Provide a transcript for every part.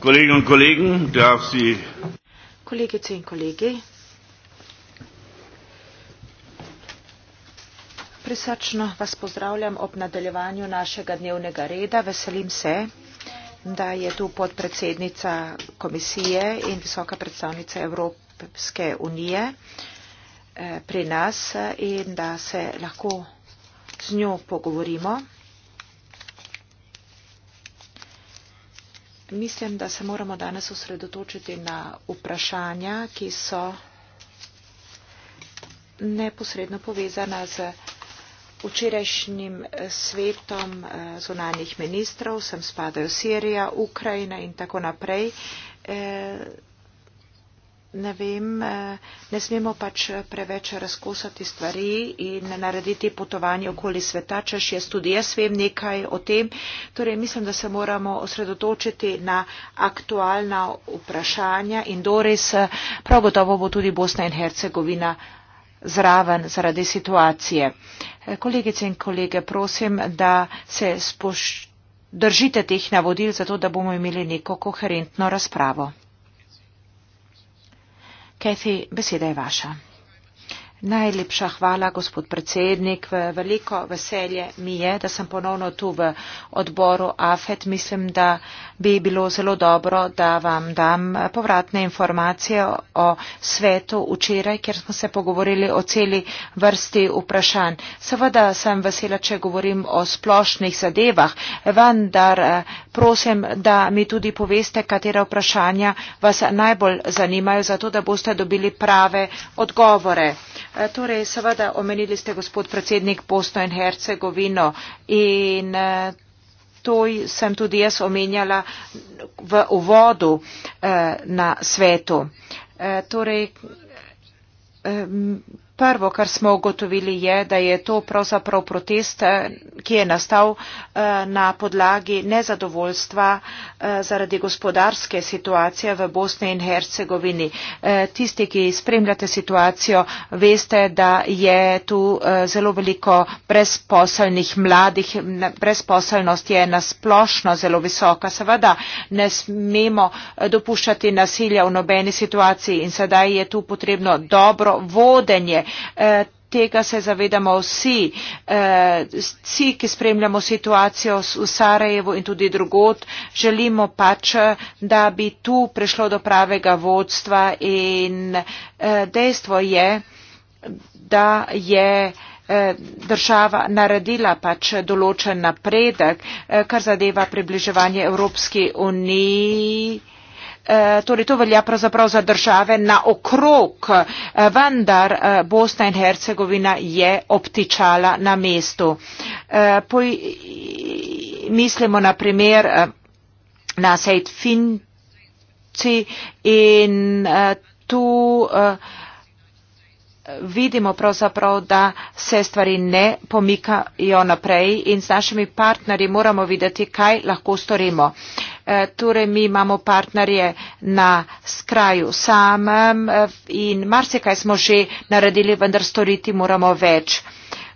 Kolleginnen und Kollegen, darf Sie. Kollege Zehn, Kollege. Prisrčno vas pozdravljam ob nadaljevanju našega dnevnega reda. Veselim se, da je tu podpredsednica komisije in visoka predstavnica Evropske unije eh, pri nas eh, in da se lahko z njo pogovorimo. Mislim, da se moramo danes usredotočiti na vprašanja, ki so neposredno povezana z včerajšnjim svetom eh, zunanjih ministrov, sem spadajo Sirija, Ukrajina in tako naprej. Eh, ne vem, eh, ne smemo pač eh, preveč razkosati stvari in narediti potovanje okoli sveta, češ jaz tudi jaz vem nekaj o tem. Torej, mislim, da se moramo osredotočiti na aktualna vprašanja in dores, eh, prav gotovo bo tudi Bosna in Hercegovina zraven zaradi situacije. Kolegice in kolege, prosim, da se spoš držite teh navodil, zato da bomo imeli neko koherentno razpravo. Kathy, beseda je vaša. Najlepša hvala, gospod predsednik. Veliko veselje mi je, da sem ponovno tu v odboru AFET. Mislim, da uh, bi bilo zelo dobro, da vam dam povratne informacije o svetu včeraj, ker smo se pogovorili o celi vrsti vprašanj. Seveda sem vesela, če govorim o splošnih zadevah, vendar eh, prosim, da mi tudi poveste, katera vprašanja vas najbolj zanimajo, zato da boste dobili prave odgovore. Eh, torej, seveda omenili ste gospod predsednik Bosno in Hercegovino in eh, to sem tudi jaz omenjala v uvodu eh, na svetu. Eh, torej, eh, Prvo, kar smo ugotovili, je, da je to pravzaprav protest, eh, ki je nastal eh, na podlagi nezadovoljstva eh, zaradi gospodarske situacije v Bosni in Hercegovini. Tisti, ki spremljate situacijo, veste, da je tu zelo veliko brezposelnih mladih. Brezposelnost je nasplošno zelo visoka. Seveda ne smemo dopuščati nasilja v nobeni situaciji in sedaj je tu potrebno dobro vodenje Eh, tega se zavedamo vsi, eh, vsi, ki spremljamo situacijo v Sarajevu in tudi drugot. Želimo pač, da bi tu prišlo do pravega vodstva in eh, dejstvo je, da je država naredila pač določen napredek, kar zadeva približevanje Evropski uniji. Eh, torej to velja pravzaprav za države na okrog, eh, vendar eh, Bosna in Hercegovina je obtičala na mestu. Poj, mislimo na primer na Sejt Finci in tu vidimo pravzaprav, da se stvari ne pomikajo naprej in s našimi partnerji moramo videti, kaj lahko storimo. Eh, torej mi imamo partnerje na skraju samem eh, in marsikaj smo že naredili, vendar storiti moramo več.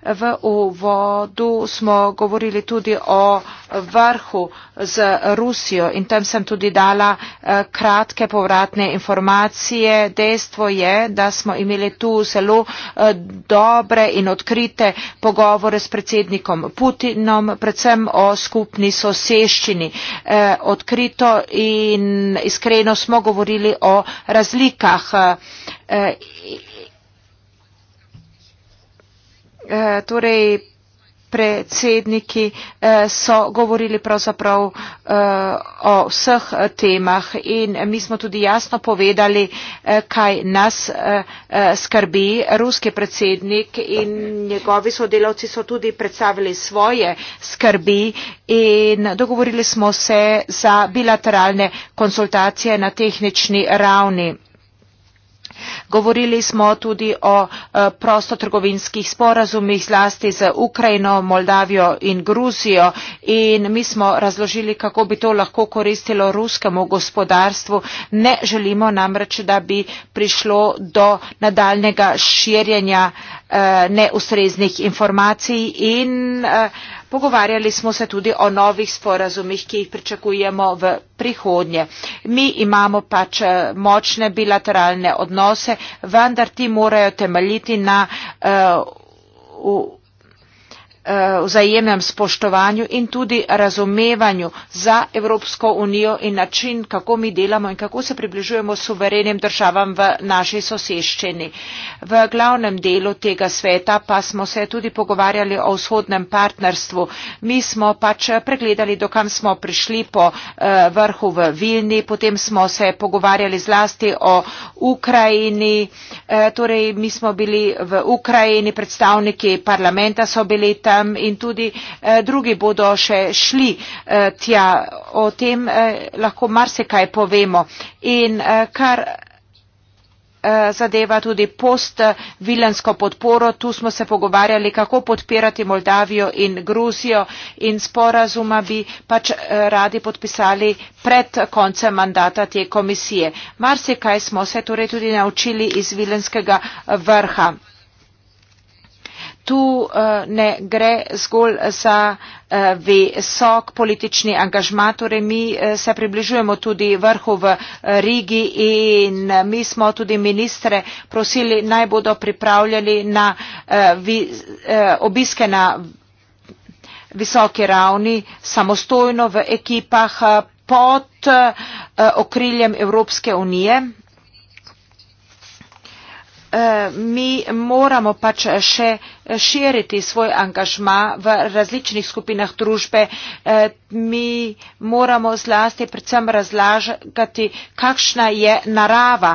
V uvodu smo govorili tudi o vrhu z Rusijo in tam sem tudi dala eh, kratke povratne informacije. Dejstvo je, da smo imeli tu zelo eh, dobre in odkrite pogovore s predsednikom Putinom, predvsem o skupni soseščini. Eh, odkrito in iskreno smo govorili o razlikah Eh, torej predsedniki eh, so govorili pravzaprav eh, o vseh temah in mi smo tudi jasno povedali, kaj nas skrbi. Ruski predsednik in njegovi sodelavci so tudi predstavili svoje skrbi in dogovorili smo se za bilateralne konsultacije na tehnični ravni govorili smo tudi o eh, prostotrgovinskih sporazumih zlasti z Ukrajino, Moldavijo in Gruzijo in mi smo razložili, kako bi to lahko koristilo ruskemu gospodarstvu. Ne želimo namreč, da bi prišlo do nadaljnega širjenja eh, neustreznih informacij in uh, pogovarjali smo se tudi o novih sporazumih, ki jih pričakujemo v prihodnje. Mi imamo pač eh, močne bilateralne odnose, vendar ti morajo temeljiti na uh, Eh, vzajemnem spoštovanju in tudi razumevanju za Evropsko unijo in način, kako mi delamo in kako se približujemo suverenim državam v naši soseščini. V glavnem delu tega sveta pa smo se tudi pogovarjali o vzhodnem partnerstvu. Mi smo pač pregledali, dokam smo prišli po eh, vrhu v Vilni, potem smo se pogovarjali zlasti o Ukrajini, eh, torej mi smo bili v Ukrajini, predstavniki parlamenta so bili tam, sem in tudi eh, drugi bodo še šli eh, tja. O tem eh, lahko marsikaj povemo. In kar zadeva tudi postvilensko podporo. Tu smo se pogovarjali, kako podpirati Moldavijo in Gruzijo in sporazuma bi pač radi podpisali pred koncem mandata te komisije. Marsikaj smo se torej tudi naučili iz vilenskega vrha tu uh, ne gre zgolj za uh, visok politični angažma, torej mi uh, se približujemo tudi vrhu v Rigi in mi smo tudi ministre prosili, naj bodo pripravljali na uh, vi, uh, obiske na visoki ravni, samostojno v ekipah pod okriljem Evropske unije. Eh, mi moramo pač še širiti svoj angažma v različnih skupinah družbe. Eh, mi moramo zlasti predvsem razlagati, kakšna je narava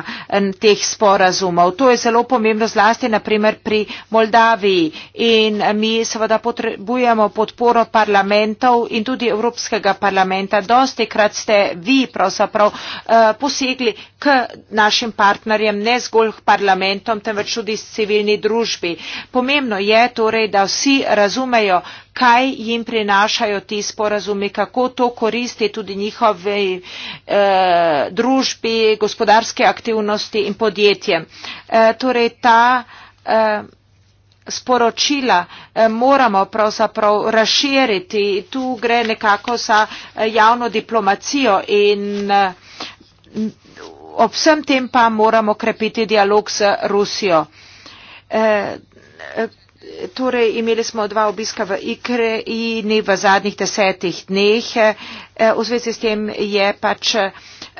teh sporazumov. To je zelo pomembno zlasti naprimer pri Moldaviji in mi seveda potrebujemo podporo parlamentov in tudi Evropskega parlamenta. Dosti krat ste vi pravzaprav eh, posegli k našim partnerjem, ne zgolj k parlamentu, parlamentom temveč tudi s civilni družbi. Pomembno je torej, da vsi razumejo, kaj jim prinašajo ti sporazumi, kako to koristi tudi njihovi e, družbi, gospodarske aktivnosti in podjetjem. E, eh, torej ta e, sporočila moramo pravzaprav razširiti. Tu gre nekako za javno diplomacijo in ob vsem tem pa moramo krepiti dialog z Rusijo. Eh, eh, torej, imeli smo dva obiska v Ikrejini v zadnjih desetih dneh. Eh, v zvezi s tem je pač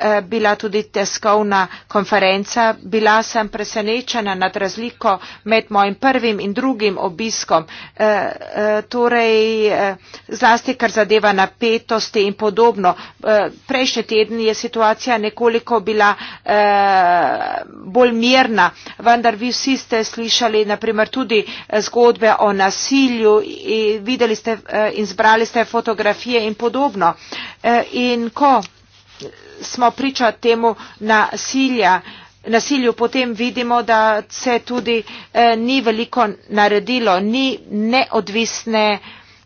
Eh, bila tudi tiskovna konferenca. Bila sem presenečena nad razliko med mojim prvim in drugim obiskom, eh, eh, torej zlasti kar zadeva napetosti in podobno. Prejšnji teden je situacija nekoliko bila bolj mirna, vendar vi vsi ste slišali naprimer tudi zgodbe o nasilju, videli ste in zbrali ste fotografije in podobno. In ko smo priča temu nasilja, nasilju, potem vidimo, da se tudi eh, ni veliko naredilo, ni neodvisne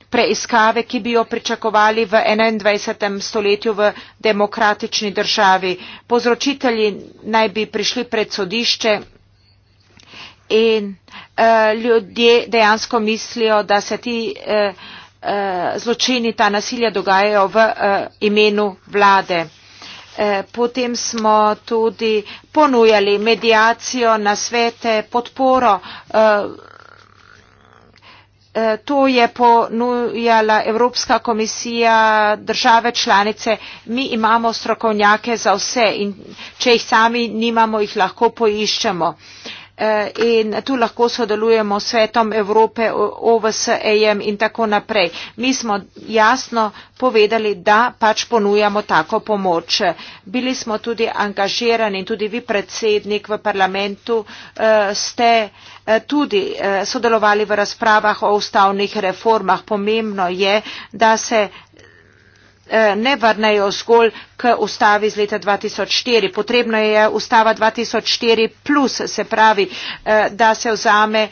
preiskave, ki bi jo pričakovali v 21. stoletju v demokratični državi. Povzročitelji naj bi prišli pred sodišče in eh, ljudje dejansko mislijo, da se ti eh, eh, zločini, ta nasilja dogajajo v eh, imenu vlade. Eh, potem smo tudi ponujali medijacijo, nasvete, podporo. Eh, eh, to je ponujala Evropska komisija, države članice. Mi imamo strokovnjake za vse in če jih sami nimamo, jih lahko poiščemo. Eh, in tu lahko sodelujemo s svetom Evrope, OVSE-jem in tako naprej. Mi smo jasno povedali, da pač ponujamo tako pomoč. Bili smo tudi angažirani in tudi vi, predsednik v parlamentu, eh, ste eh, tudi sodelovali v razpravah o ustavnih reformah. Pomembno je, da se Eh, ne vrnejo zgolj k ustavi iz leta 2004. Potrebno je ustava 2004 plus, se pravi, eh, da se vzame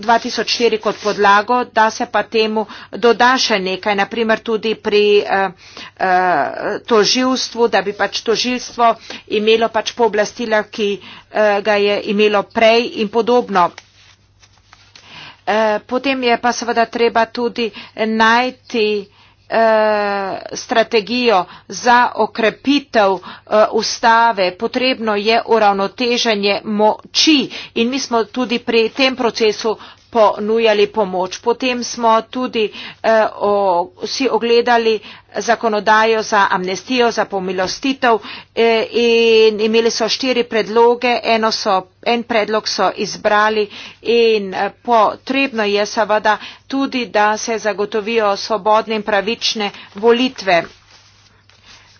2004 eh, kot podlago, da se pa temu doda še nekaj, naprimer tudi pri toživstvu, da bi pač toživstvo imelo pač pooblastila, ki ga je imelo prej in podobno. Potem je pa seveda treba tudi najti Eh, strategijo za okrepitev eh, ustave, potrebno je uravnoteženje moči in mi smo tudi pri tem procesu ponujali pomoč. Potem smo tudi eh, o, vsi ogledali zakonodajo za amnestijo, za pomilostitev eh, in imeli so štiri predloge, eno so, en predlog so izbrali in eh, potrebno je seveda tudi, da se zagotovijo svobodne in pravične volitve.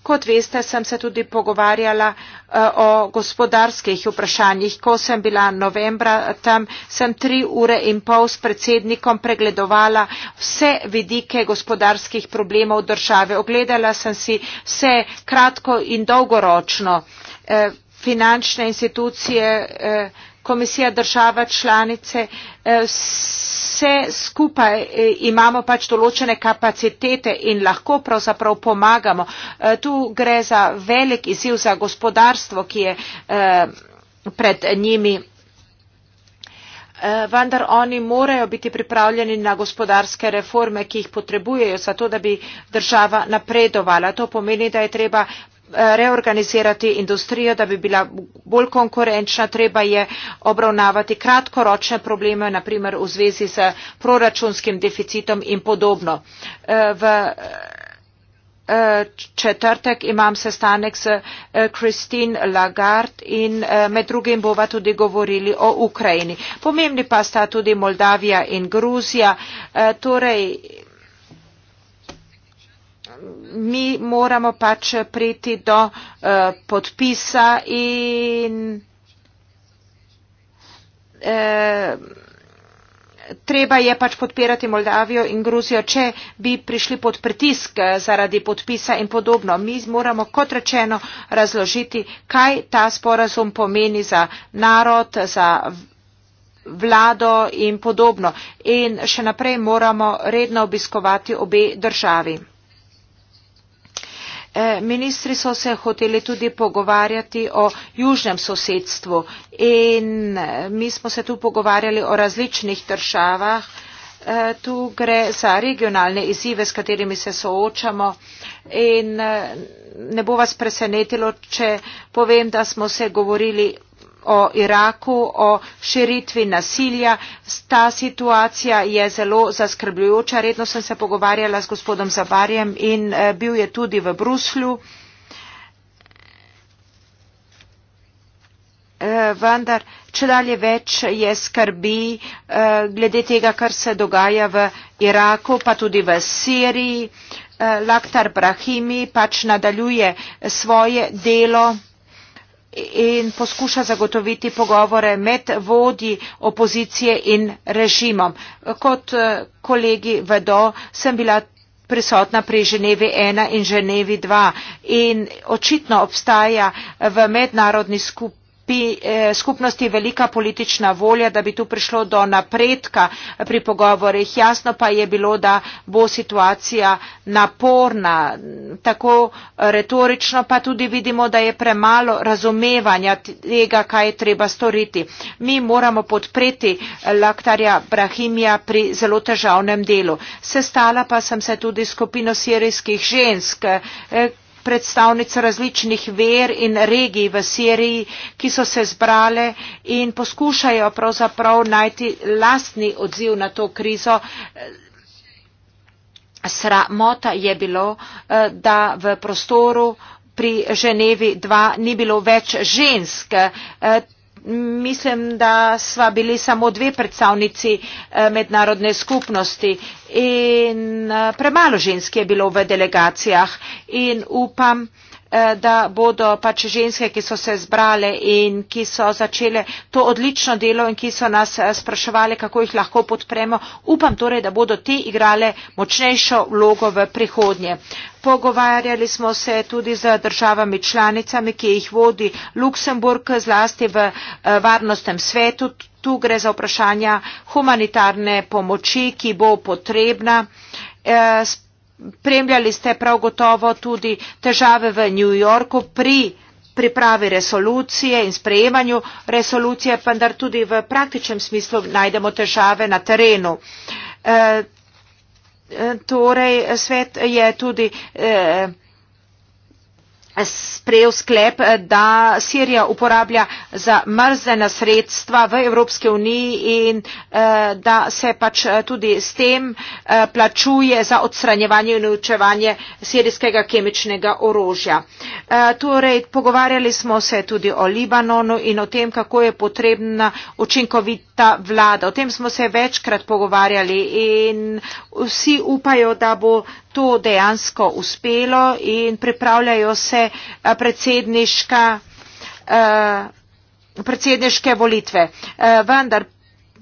Kot veste, sem se tudi pogovarjala eh, o gospodarskih vprašanjih. Ko sem bila novembra tam, sem tri ure in pol s predsednikom pregledovala vse vidike gospodarskih problemov države. Ogledala sem si vse kratko in dolgoročno eh, finančne institucije, eh, komisija, država članice, eh, vse skupaj eh, imamo pač določene kapacitete in lahko pravzaprav pomagamo. Eh, tu gre za velik izziv za gospodarstvo, ki je pred njimi. Vendar oni morajo biti pripravljeni na gospodarske reforme, ki jih potrebujejo, zato da bi država napredovala. To pomeni, da je treba reorganizirati industrijo, da bi bila bolj konkurenčna, treba je obravnavati kratkoročne probleme, naprimer v zvezi z proračunskim deficitom in podobno. E, v e, četrtek imam sestanek s e, Christine Lagarde in med drugim bova tudi govorili o Ukrajini. Pomembni pa sta tudi Moldavija in Gruzija, torej mi moramo pač priti do eh, podpisa in eh, treba je pač podpirati Moldavijo in Gruzijo, če bi prišli pod pritisk eh, zaradi podpisa in podobno. Mi moramo kot rečeno razložiti, kaj ta sporazum pomeni za narod, za vlado in podobno. In še naprej moramo redno obiskovati obe državi. Eh, ministri so se hoteli tudi pogovarjati o južnem sosedstvu in eh, mi smo se tu pogovarjali o različnih državah. Eh, tu gre za regionalne izzive, s katerimi se soočamo in ne bo vas presenetilo, če povem, da smo se govorili o Iraku, o širitvi nasilja. Ta situacija je zelo zaskrbljujoča. Redno sem se pogovarjala s gospodom Zavarjem in eh, bil je tudi v Bruslju. Eh, vendar, če dalje več je skrbi eh, glede tega, kar se dogaja v Iraku, pa tudi v Siriji. Laktar Brahimi pač nadaljuje svoje delo in poskuša zagotoviti pogovore med vodji opozicije in režimom. Kot eh, kolegi vedo, sem bila prisotna pri Ženevi 1 in Ženevi 2 in očitno obstaja v mednarodni skupnosti Eh, skupnosti velika politična volja da bi tu prišlo do napredka pri pogovorih jasno pa je bilo da bo situacija naporna tako retorično pa tudi vidimo da je premalo razumevanja tega kaj je treba storiti mi moramo podpreti laktarja brahimija pri zelo težavnem delu sestala pa sem se tudi s skupino sirijskih žensk eh, predstavnic različnih ver in regij v Siriji, ki so se zbrale in poskušajo pravzaprav najti lastni odziv na to krizo. Sramota je bilo, eh, da v prostoru pri Ženevi 2 ni bilo več žensk. Eh, mislim, da sva bili samo dve predstavnici eh, mednarodne skupnosti in eh, premalo žensk je bilo v delegacijah in upam, eh, da bodo pač ženske, ki so se zbrale in ki so začele to odlično delo in ki so nas spraševali, kako jih lahko podpremo, upam torej, da bodo te igrale močnejšo vlogo v prihodnje. Pogovarjali smo se tudi z državami članicami, ki jih vodi Luksemburg zlasti v eh, varnostnem svetu. Tu gre za vprašanja humanitarne pomoči, ki bo potrebna. Eh, spremljali ste prav gotovo tudi težave v New Yorku pri pripravi resolucije in sprejemanju resolucije, vendar tudi v praktičnem smislu najdemo težave na terenu. Eh, torej svet je tudi eh, sprejel sklep, da Sirija uporablja zamrzena sredstva v Evropske uniji in eh, da se pač eh, tudi s tem plačuje za odstranjevanje in učevanje sirijskega kemičnega orožja. Torej, pogovarjali smo se tudi o Libanonu in o tem, kako je potrebna učinkovita ta vlada. O tem smo se večkrat pogovarjali in vsi upajo, da bo to dejansko uspelo in pripravljajo se eh, predsedniška. Uh, predsedniške volitve. Eh, vendar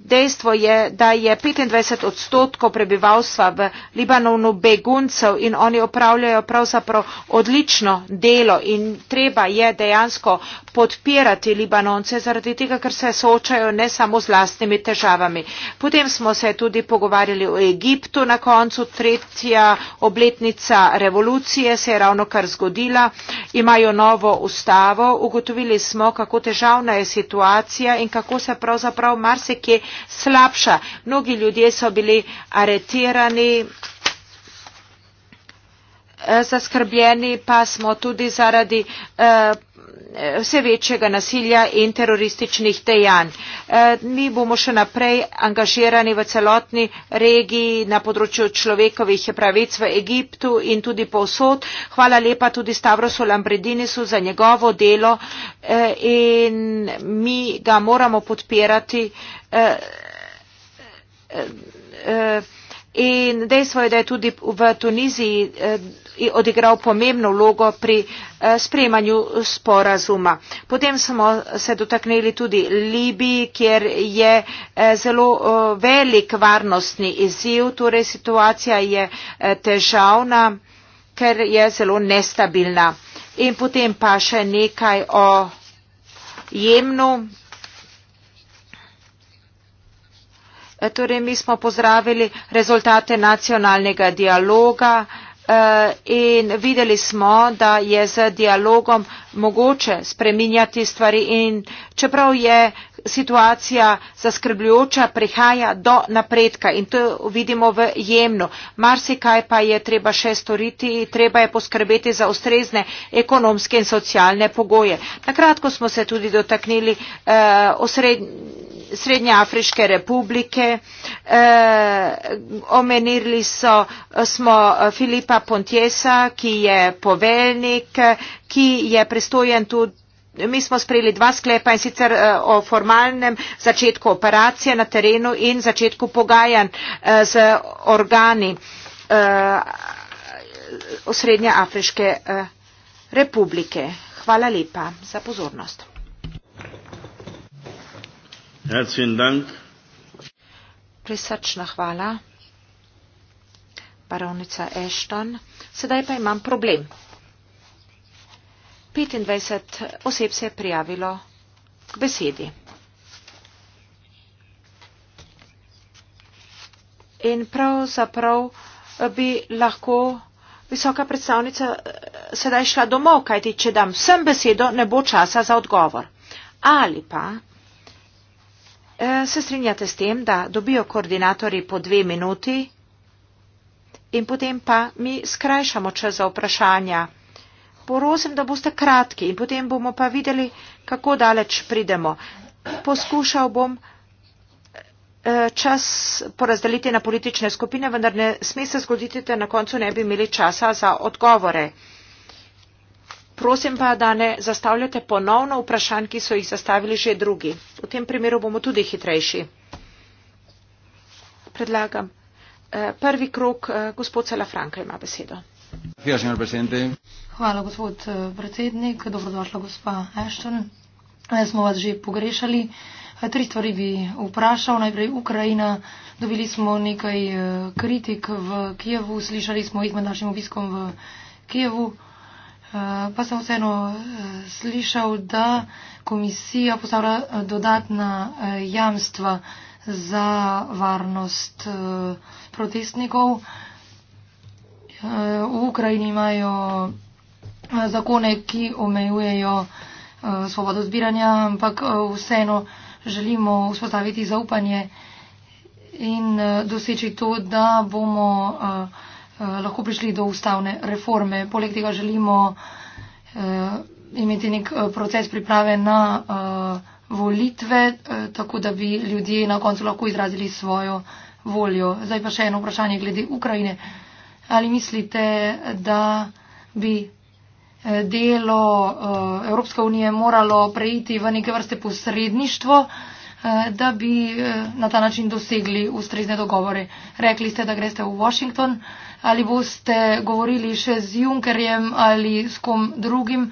dejstvo je da je petindvajset odstotkov prebivalstva v libanonu beguncev in oni opravljajo pravzaprav odlično delo in treba je dejansko podpirati libanonce zaradi tega ker se soočajo ne samo z lastnimi težavami potem smo se tudi pogovarjali o egiptu na koncu tretja obletnica revolucije se je ravnokar zgodila imajo novo ustavo ugotovili smo kako težavna je situacija in kako se pravzaprav marsikje slabša. Mnogi ljudje so bili aretirani, eh, zaskrbljeni, pa smo tudi zaradi eh, vse večjega nasilja in terorističnih dejanj. E, mi bomo še naprej angažirani v celotni regiji na področju človekovih pravic v Egiptu in tudi povsod. Hvala lepa tudi Stavrosu Lambredinisu za njegovo delo e, in mi ga moramo podpirati. E, in dejstvo je, da je tudi v Tuniziji odigral pomembno vlogo pri eh, sprejemanju sporazuma. Potem smo se dotaknili tudi Libiji, kjer je eh, zelo eh, velik varnostni izziv, torej situacija je težavna, ker je zelo nestabilna. In potem pa še nekaj o jemnu. Torej, mi smo pozdravili rezultate nacionalnega dialoga, Eh, in videli smo, da je z dialogom mogoče spreminjati stvari in čeprav je situacija zaskrbljujoča, prihaja do napredka in to vidimo v jemnu. Marsikaj pa je treba še storiti, treba je poskrbeti za ustrezne ekonomske in socialne pogoje. Nakratko smo se tudi dotaknili eh, osred, Srednjeafriške republike, eh, omenili so, smo eh, Filipa Pontjesa, ki je poveljnik, ki je pristojen tudi Mi smo sprejeli dva sklepa in sicer eh, o formalnem začetku operacije na terenu in začetku pogajanj eh, z organi eh, Osrednje Afriške republike. Hvala lepa za pozornost. Ja, Prisrčna hvala, baronica Ashton. Sedaj pa imam problem. 25 oseb se je prijavilo k besedi. In pravzaprav bi lahko visoka predstavnica eh, sedaj šla domov, kajti če dam vsem besedo, ne bo časa za odgovor. Ali pa eh, se strinjate s tem, da dobijo koordinatori po dve minuti in potem pa mi skrajšamo čas za vprašanja. Porozim, da boste kratki in potem bomo pa videli, kako daleč pridemo. Poskušal bom eh, čas porazdeliti na politične skupine, vendar ne sme se zgoditi, da na koncu ne bi imeli časa za odgovore. Prosim pa, da ne zastavljate ponovno vprašanj, ki so jih zastavili že drugi. V tem primeru bomo tudi hitrejši. Predlagam. Eh, prvi krok, eh, gospod Salafranka ima besedo. Hvala, gospod eh, predsednik. Dobrodošla, gospa Ashton. Zdaj eh, smo vas že pogrešali. Eh, tri stvari bi vprašal. Najprej Ukrajina. Dobili smo nekaj kritik v Kijevu, slišali smo jih med našim obiskom v Kijevu. Pa sem vseeno slišal, da komisija postavlja dodatna jamstva za varnost protestnikov. V Ukrajini imajo eh, zakone, ki omejujejo eh, svobodo zbiranja, ampak eh, vseeno želimo vzpostaviti zaupanje in doseči to, da bomo lahko prišli do ustavne reforme. Poleg tega želimo imeti nek proces priprave na volitve, tako da bi ljudje na koncu lahko izrazili svojo voljo. Zdaj pa še eno vprašanje glede Ukrajine. Ali mislite, da bi eh, delo eh, Evropske unije moralo preiti v neke vrste posredništvo, eh, da bi na ta način dosegli ustrezne dogovore? Rekli ste, da greste v Washington. Ali boste govorili še z Junckerjem ali s kom drugim,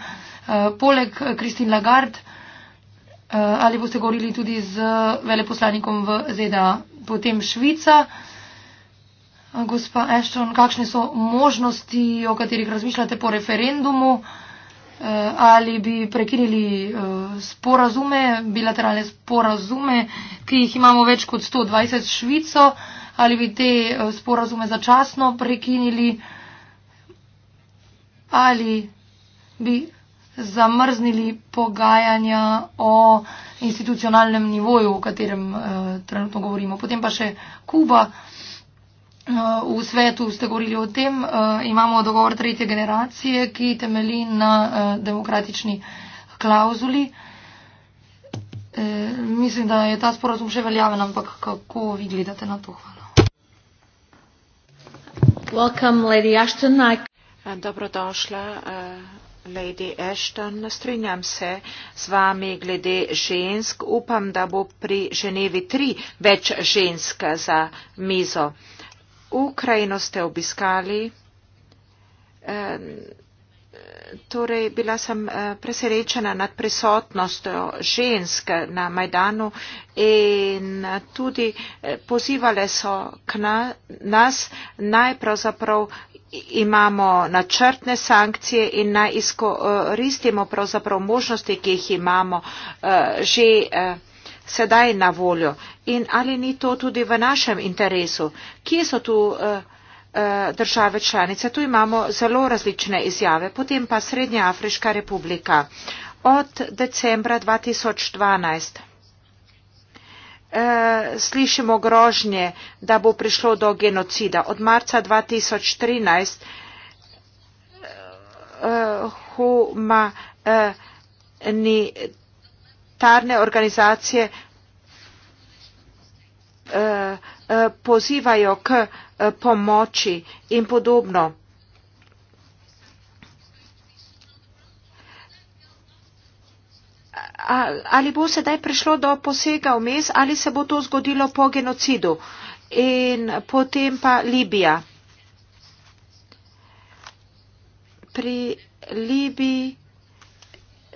poleg Kristin Lagarde? Ali boste govorili tudi z veleposlanikom v ZDA, potem Švica? Gospa Ashton, kakšne so možnosti, o katerih razmišljate po referendumu? Eh, ali bi prekinili eh, sporazume, bilateralne sporazume, ki jih imamo več kot 120 švico, ali bi te eh, sporazume začasno prekinili, ali bi zamrznili pogajanja o institucionalnem nivoju, o katerem trenutno govorimo. Potem pa še Kuba. V svetu ste govorili o tem, eh, imamo dogovor tretje generacije, ki temeli na eh, demokratični klauzuli. Eh, mislim, da je ta sporozum še veljaven, ampak kako vi gledate na to? Hvala. Dobrodošla. Lady Ashton, strinjam se z vami glede žensk. Upam, da bo pri Ženevi tri več ženska za mizo. Uh, Ukrajino ste obiskali. Torej, bila sem eh, presrečena nad prisotnostjo žensk na Majdanu in tudi eh, pozivale so k na, nas, naj pravzaprav imamo načrtne sankcije in naj izkoristimo pravzaprav možnosti, ki jih imamo eh, že sedaj na voljo in ali ni to tudi v našem interesu. Kje so tu eh, eh, države članice? Tu imamo zelo različne izjave. Potem pa Srednja Afriška republika. Od decembra 2012 eh, slišimo grožnje, da bo prišlo do genocida. Od marca 2013 humanitarno humanitarne organizacije eh, eh, pozivajo k eh, pomoči in podobno. Ali bo sedaj prišlo do posega v mes, ali se bo to zgodilo po genocidu in potem pa Libija. Pri Libiji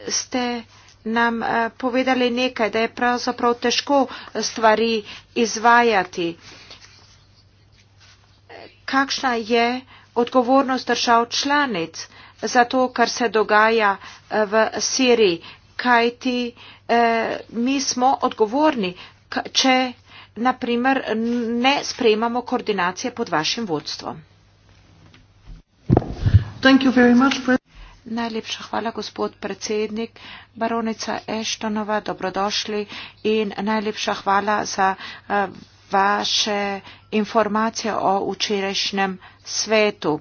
ste nam eh, povedali nekaj, da je pravzaprav težko eh, stvari izvajati. Kakšna je odgovornost držav članic za to, kar se dogaja eh, v Siriji? Kaj ti mi smo odgovorni, če naprimer ne sprejemamo koordinacije pod vašim vodstvom? Thank you very much, Najlepša hvala, gospod predsednik. Baronica Eštonova, dobrodošli in najlepša hvala za eh, vaše informacije o včerajšnjem svetu.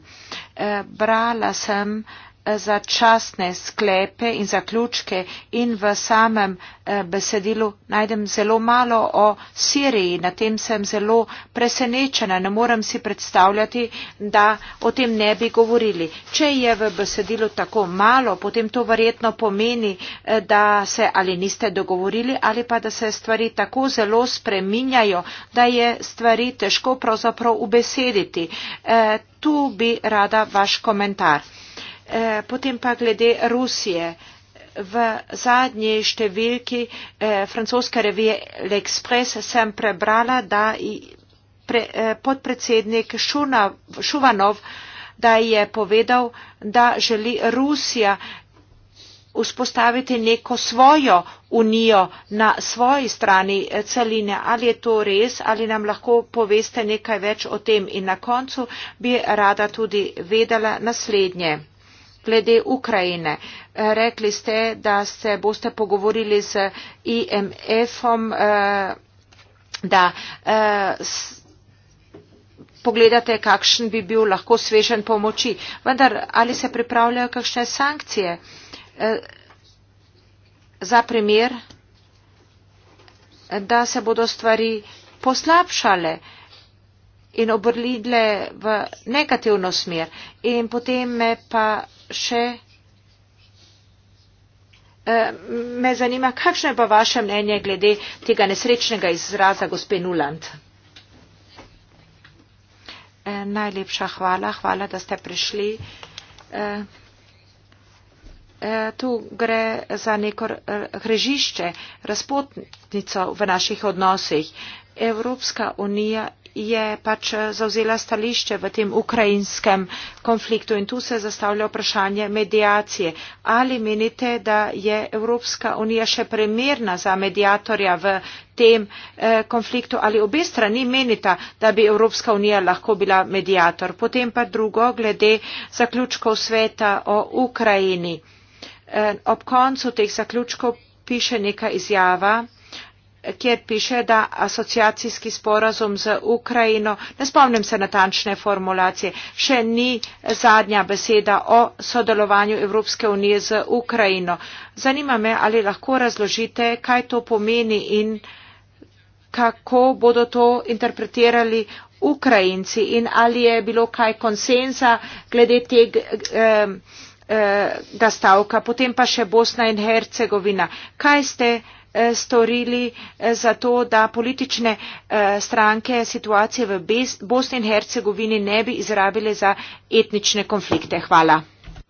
Eh, brala sem začasne sklepe in zaključke in v samem eh, besedilu najdem zelo malo o Siriji. Na tem sem zelo presenečena, ne morem si predstavljati, da o tem ne bi govorili. Če je v besedilu tako malo, potem to verjetno pomeni, eh, da se ali niste dogovorili ali pa da se stvari tako zelo spreminjajo, da je stvari težko pravzaprav ubesediti. Eh, tu bi rada vaš komentar. Eh, potem pa glede Rusije. V zadnji številki eh, francoske revije L'Express sem prebrala, da pre, eh, podpredsednik Šuvanov da je povedal, da želi Rusija vzpostaviti neko svojo unijo na svoji strani eh, celine. Ali je to res, ali nam lahko poveste nekaj več o tem? In na koncu bi rada tudi vedela naslednje glede ukrajine eh, rekli ste da se boste pogovorili z imfom eh, da eh, pogledate kakšen bi bil lahko svežen pomoči vendar ali se pripravljajo kakšne sankcije za primer da se bodo stvari poslabšale in obrlidle v negativno smer. In potem me pa še. Eh, me zanima, kakšno je pa vaše mnenje glede tega nesrečnega izraza gospe Nuland? Eh, najlepša hvala, hvala, da ste prišli. Eh, tu gre za neko hrežišče, razpotnico v naših odnosih. Evropska unija je pač eh, zauzela stališče v tem ukrajinskem konfliktu in tu se zastavlja vprašanje medijacije. Ali menite, da je Evropska unija še primerna za medijatorja v tem eh, konfliktu ali obe strani menita, da bi Evropska unija lahko bila medijator? Potem pa drugo, glede zaključkov sveta o Ukrajini. Eh, ob koncu teh zaključkov piše neka izjava, kjer piše, da asociacijski sporazum z Ukrajino, ne spomnim se natančne formulacije, še ni zadnja beseda o sodelovanju Evropske unije z Ukrajino. Zanima me, ali lahko razložite, kaj to pomeni in kako bodo to interpretirali Ukrajinci in ali je bilo kaj konsenza glede tega eh, eh, stavka, potem pa še Bosna in Hercegovina. Kaj ste storili eh, za to, da politične eh, stranke situacije v Bosni in Hercegovini ne bi izrabile za etnične konflikte. Hvala.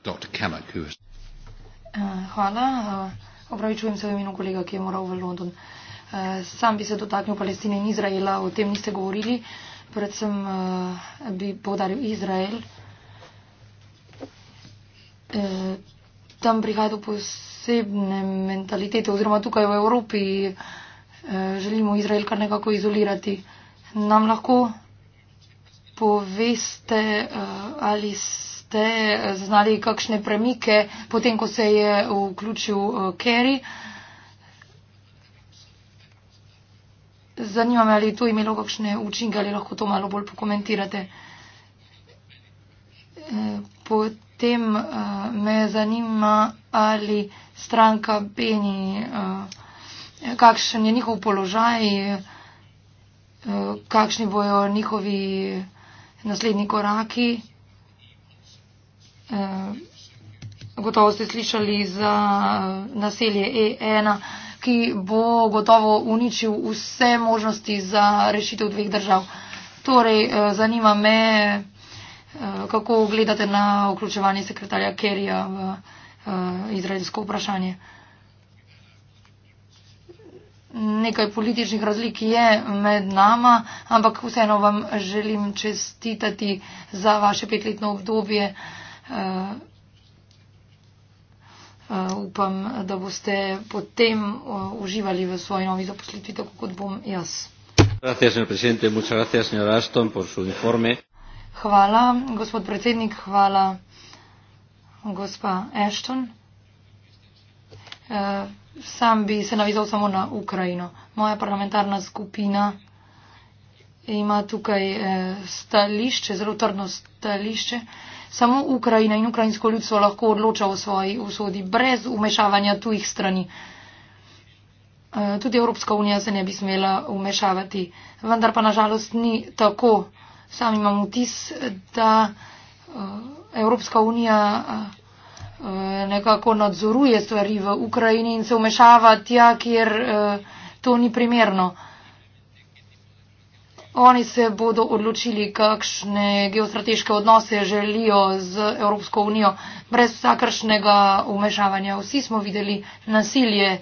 Eh, hvala. Opravičujem se v imenu kolega, ki je moral v London. Sam bi se dotaknil Palestine in Izraela, o tem niste govorili. Predvsem bi povdaril Izrael. Tam prihaja do posebnosti posebne mentalitete oziroma tukaj v Evropi eh, želimo Izrael kar nekako izolirati. Nam lahko poveste, eh, ali ste znali kakšne premike potem, ko se je vključil eh, Kerry. Zanima me, ali je to imelo kakšne učinke, ali lahko to malo bolj pokomentirate. Potem tem uh, me zanima, ali stranka Beni, uh, kakšen je njihov položaj, uh, kakšni bojo njihovi naslednji koraki. Uh, gotovo ste slišali za uh, naselje E1, ki bo gotovo uničil vse možnosti za rešitev dveh držav. Torej, uh, zanima me. Uh, Eh, kako gledate na vključevanje sekretarja Kerija v eh, izraelsko vprašanje. Nekaj političnih razlik je med nama, ampak vseeno vam želim čestitati za vaše petletno obdobje. Eh, upam, da boste potem uživali v svoji novi zaposlitvi, tako kot bom jaz. Gracias, señor presidente. Muchas gracias, señora Ashton, por su informe. Hvala, gospod predsednik. Hvala, gospa Ashton. Eh, sam bi se navizal samo na Ukrajino. Moja parlamentarna skupina ima tukaj eh, stališče, zelo trdno stališče. Samo Ukrajina in ukrajinsko ljudstvo lahko odloča o svoji usodi brez umešavanja tujih strani. Eh, tudi Evropska unija se ne bi smela umešavati. Vendar pa nažalost ni tako sam imam vtis, da eh, Evropska unija eh, nekako nadzoruje stvari v Ukrajini in se umešava tja, kjer eh, to ni primerno. Oni se bodo odločili, kakšne geostrateške odnose želijo z Evropsko unijo, brez vsakršnega umešavanja. Vsi smo videli nasilje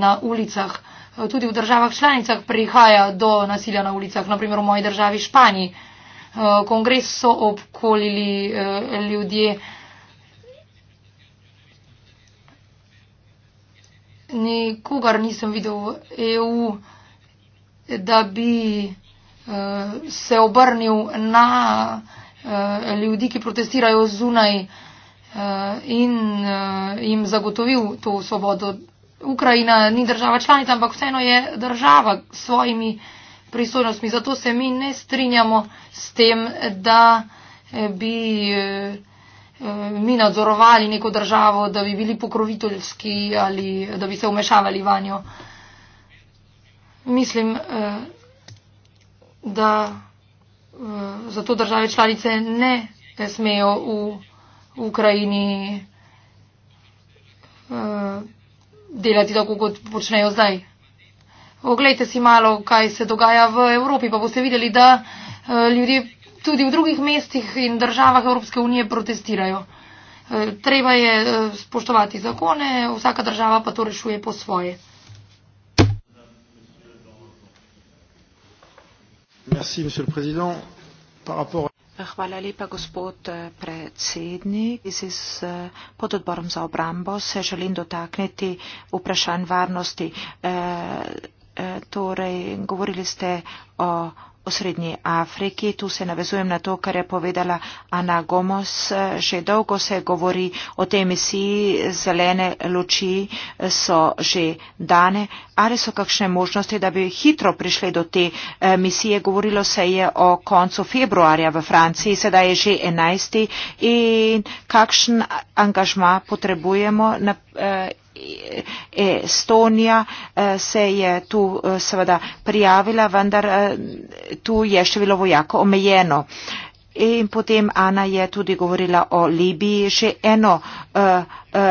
na ulicah tudi v državah članicah prihaja do nasilja na ulicah, naprimer v moji državi Španiji. Eh, kongres so obkolili eh, ljudje. Nikogar nisem videl v EU, da bi eh, se obrnil na ljudi, ki protestirajo zunaj in jim zagotovil to svobodo Ukrajina ni država članica, ampak vseeno je država s svojimi pristojnostmi. Zato se mi ne strinjamo s tem, da eh, bi eh, mi nadzorovali neko državo, da bi bili pokroviteljski ali da bi se umešavali vanjo. Mislim, eh, da zato države članice ne smejo v Ukrajini delati tako, kot počnejo zdaj. Oglejte si malo, kaj se dogaja v Evropi, pa boste videli, da eh, ljudje tudi v drugih mestih in državah Evropske unije protestirajo. Eh, treba je eh, spoštovati zakone, vsaka država pa to rešuje po svoje. Merci, monsieur le Président. Par rapport Hvala lepa, gospod eh, predsednik. Z eh, pododborom za obrambo se želim dotakniti vprašanj varnosti. Eh, torej, govorili ste o v Srednji Afriki. Tu se navezujem na to, kar je povedala Ana Gomos. Že dolgo se govori o tej misiji, zelene luči so že dane. Ali so kakšne možnosti, da bi hitro prišli do te eh, misije? Govorilo se je o koncu februarja v Franciji, sedaj je že 11. In kakšen angažma potrebujemo? Na, eh, Estonija eh, se je tu eh, seveda prijavila, vendar eh, tu je število vojako omejeno. In potem Ana je tudi govorila o Libiji. Še eno uh, uh,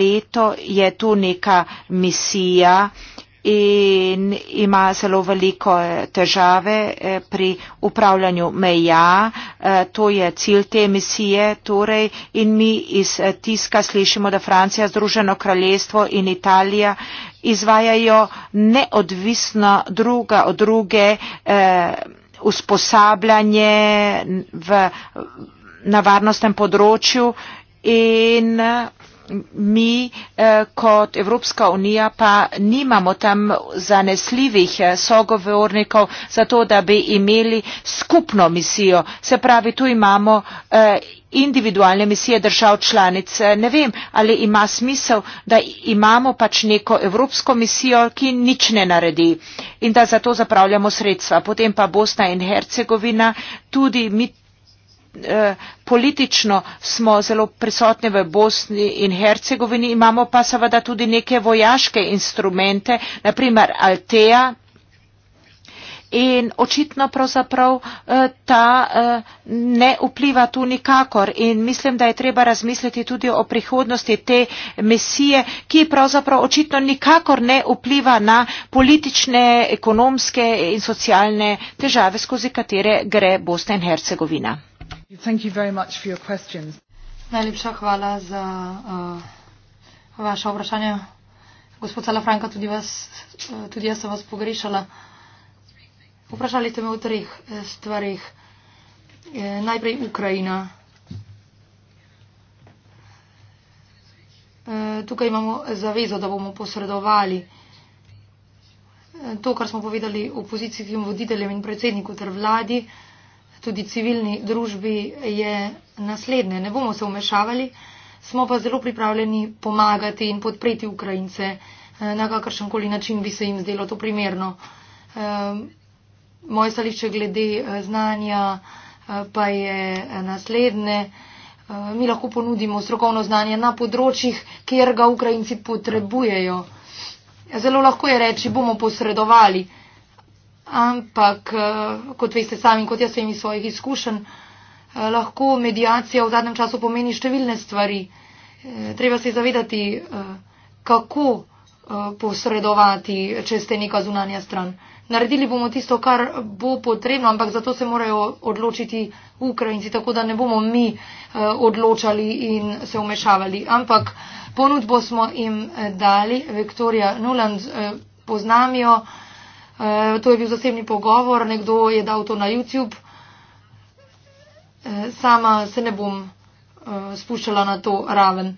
leto je tu neka misija uh, in ima zelo veliko eh, težave eh, pri upravljanju meja. Eh, to je cilj te misije torej in mi iz tiska slišimo, da Francija, Združeno kraljestvo in Italija izvajajo neodvisno druga od druge eh, usposabljanje v, na varnostnem področju in mi eh, kot Evropska unija pa nimamo tam zanesljivih eh, sogovornikov za to, da bi imeli skupno misijo. Se pravi, tu imamo eh, individualne misije držav članic. Ne vem, ali ima smisel, da imamo pač neko evropsko misijo, ki nič ne naredi in da za to zapravljamo sredstva. Potem pa Bosna in Hercegovina, tudi mi Eh, politično smo zelo prisotni v Bosni in Hercegovini, imamo pa seveda tudi neke vojaške instrumente, naprimer Altea. In očitno pravzaprav eh, ta eh, ne vpliva tu nikakor. In mislim, da je treba razmisliti tudi o prihodnosti te misije, ki pravzaprav očitno nikakor ne vpliva na politične, ekonomske in socialne težave, skozi katere gre Bosna in Hercegovina. Najlepša hvala za uh, vaše vprašanje. Gospod Salafranka, tudi, vas, uh, tudi jaz sem vas pogrešala. Vprašali ste me o treh eh, stvarih. Eh, najprej Ukrajina. Eh, tukaj imamo zavezo, da bomo posredovali to, kar smo povedali opozicijskim voditeljem in predsedniku ter vladi tudi civilni družbi je naslednje. Ne bomo se umešavali, smo pa zelo pripravljeni pomagati in podpreti Ukrajince eh, na kakršen koli način bi se jim zdelo to primerno. Eh, moje stališče glede eh, znanja pa je naslednje. Mi lahko ponudimo strokovno znanje na področjih, kjer ga Ukrajinci potrebujejo. Zelo lahko je reči, bomo posredovali. Ampak, eh, kot veste sami, kot jaz sem iz svojih izkušenj, eh, lahko medijacija v zadnjem času pomeni številne stvari. Eh, treba se zavedati, kako posredovati, če ste neka zunanja stran. Naredili bomo tisto, kar bo potrebno, ampak zato se morajo odločiti Ukrajinci, tako da ne bomo mi odločali in se umešavali. Ampak ponudbo smo jim dali, Viktorija Nuland, poznam jo. Eh, to je bil zasebni pogovor, nekdo je dal to na YouTube. Eh, sama se ne bom eh, spuščala na to raven.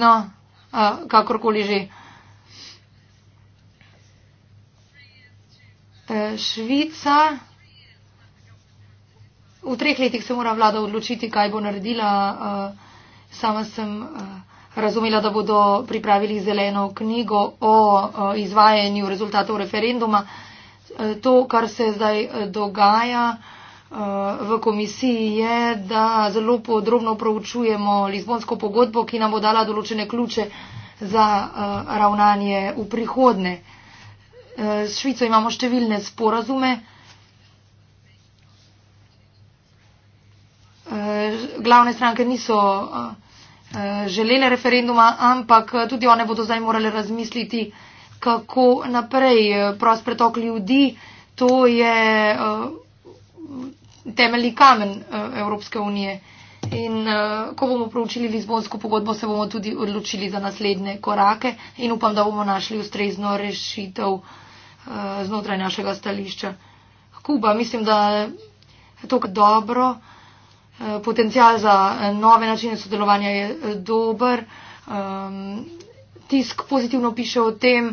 No, kakorkoli že. Švica. V treh letih se mora vlada odločiti, kaj bo naredila. Sama sem razumela, da bodo pripravili zeleno knjigo o izvajanju rezultatov referenduma. E, to, kar se zdaj e, dogaja e, v komisiji, je, da zelo podrobno proučujemo Lizbonsko pogodbo, ki nam bo dala določene ključe za ravnanje v prihodne. S Švico imamo številne sporazume. Glavne stranke niso Eh, želele referenduma, ampak eh, tudi one bodo zdaj morale razmisliti, kako naprej. Eh, prost pretok ljudi, to je temeljni kamen Evropske unije. In uh, ko bomo proučili Lizbonsko pogodbo, se bomo tudi odločili za naslednje korake in upam, da bomo našli ustrezno rešitev uh, znotraj našega stališča. Kuba, mislim, da je to dobro. Eh, potencial za eh, nove načine sodelovanja je eh, dober. Ehm, tisk pozitivno piše o tem,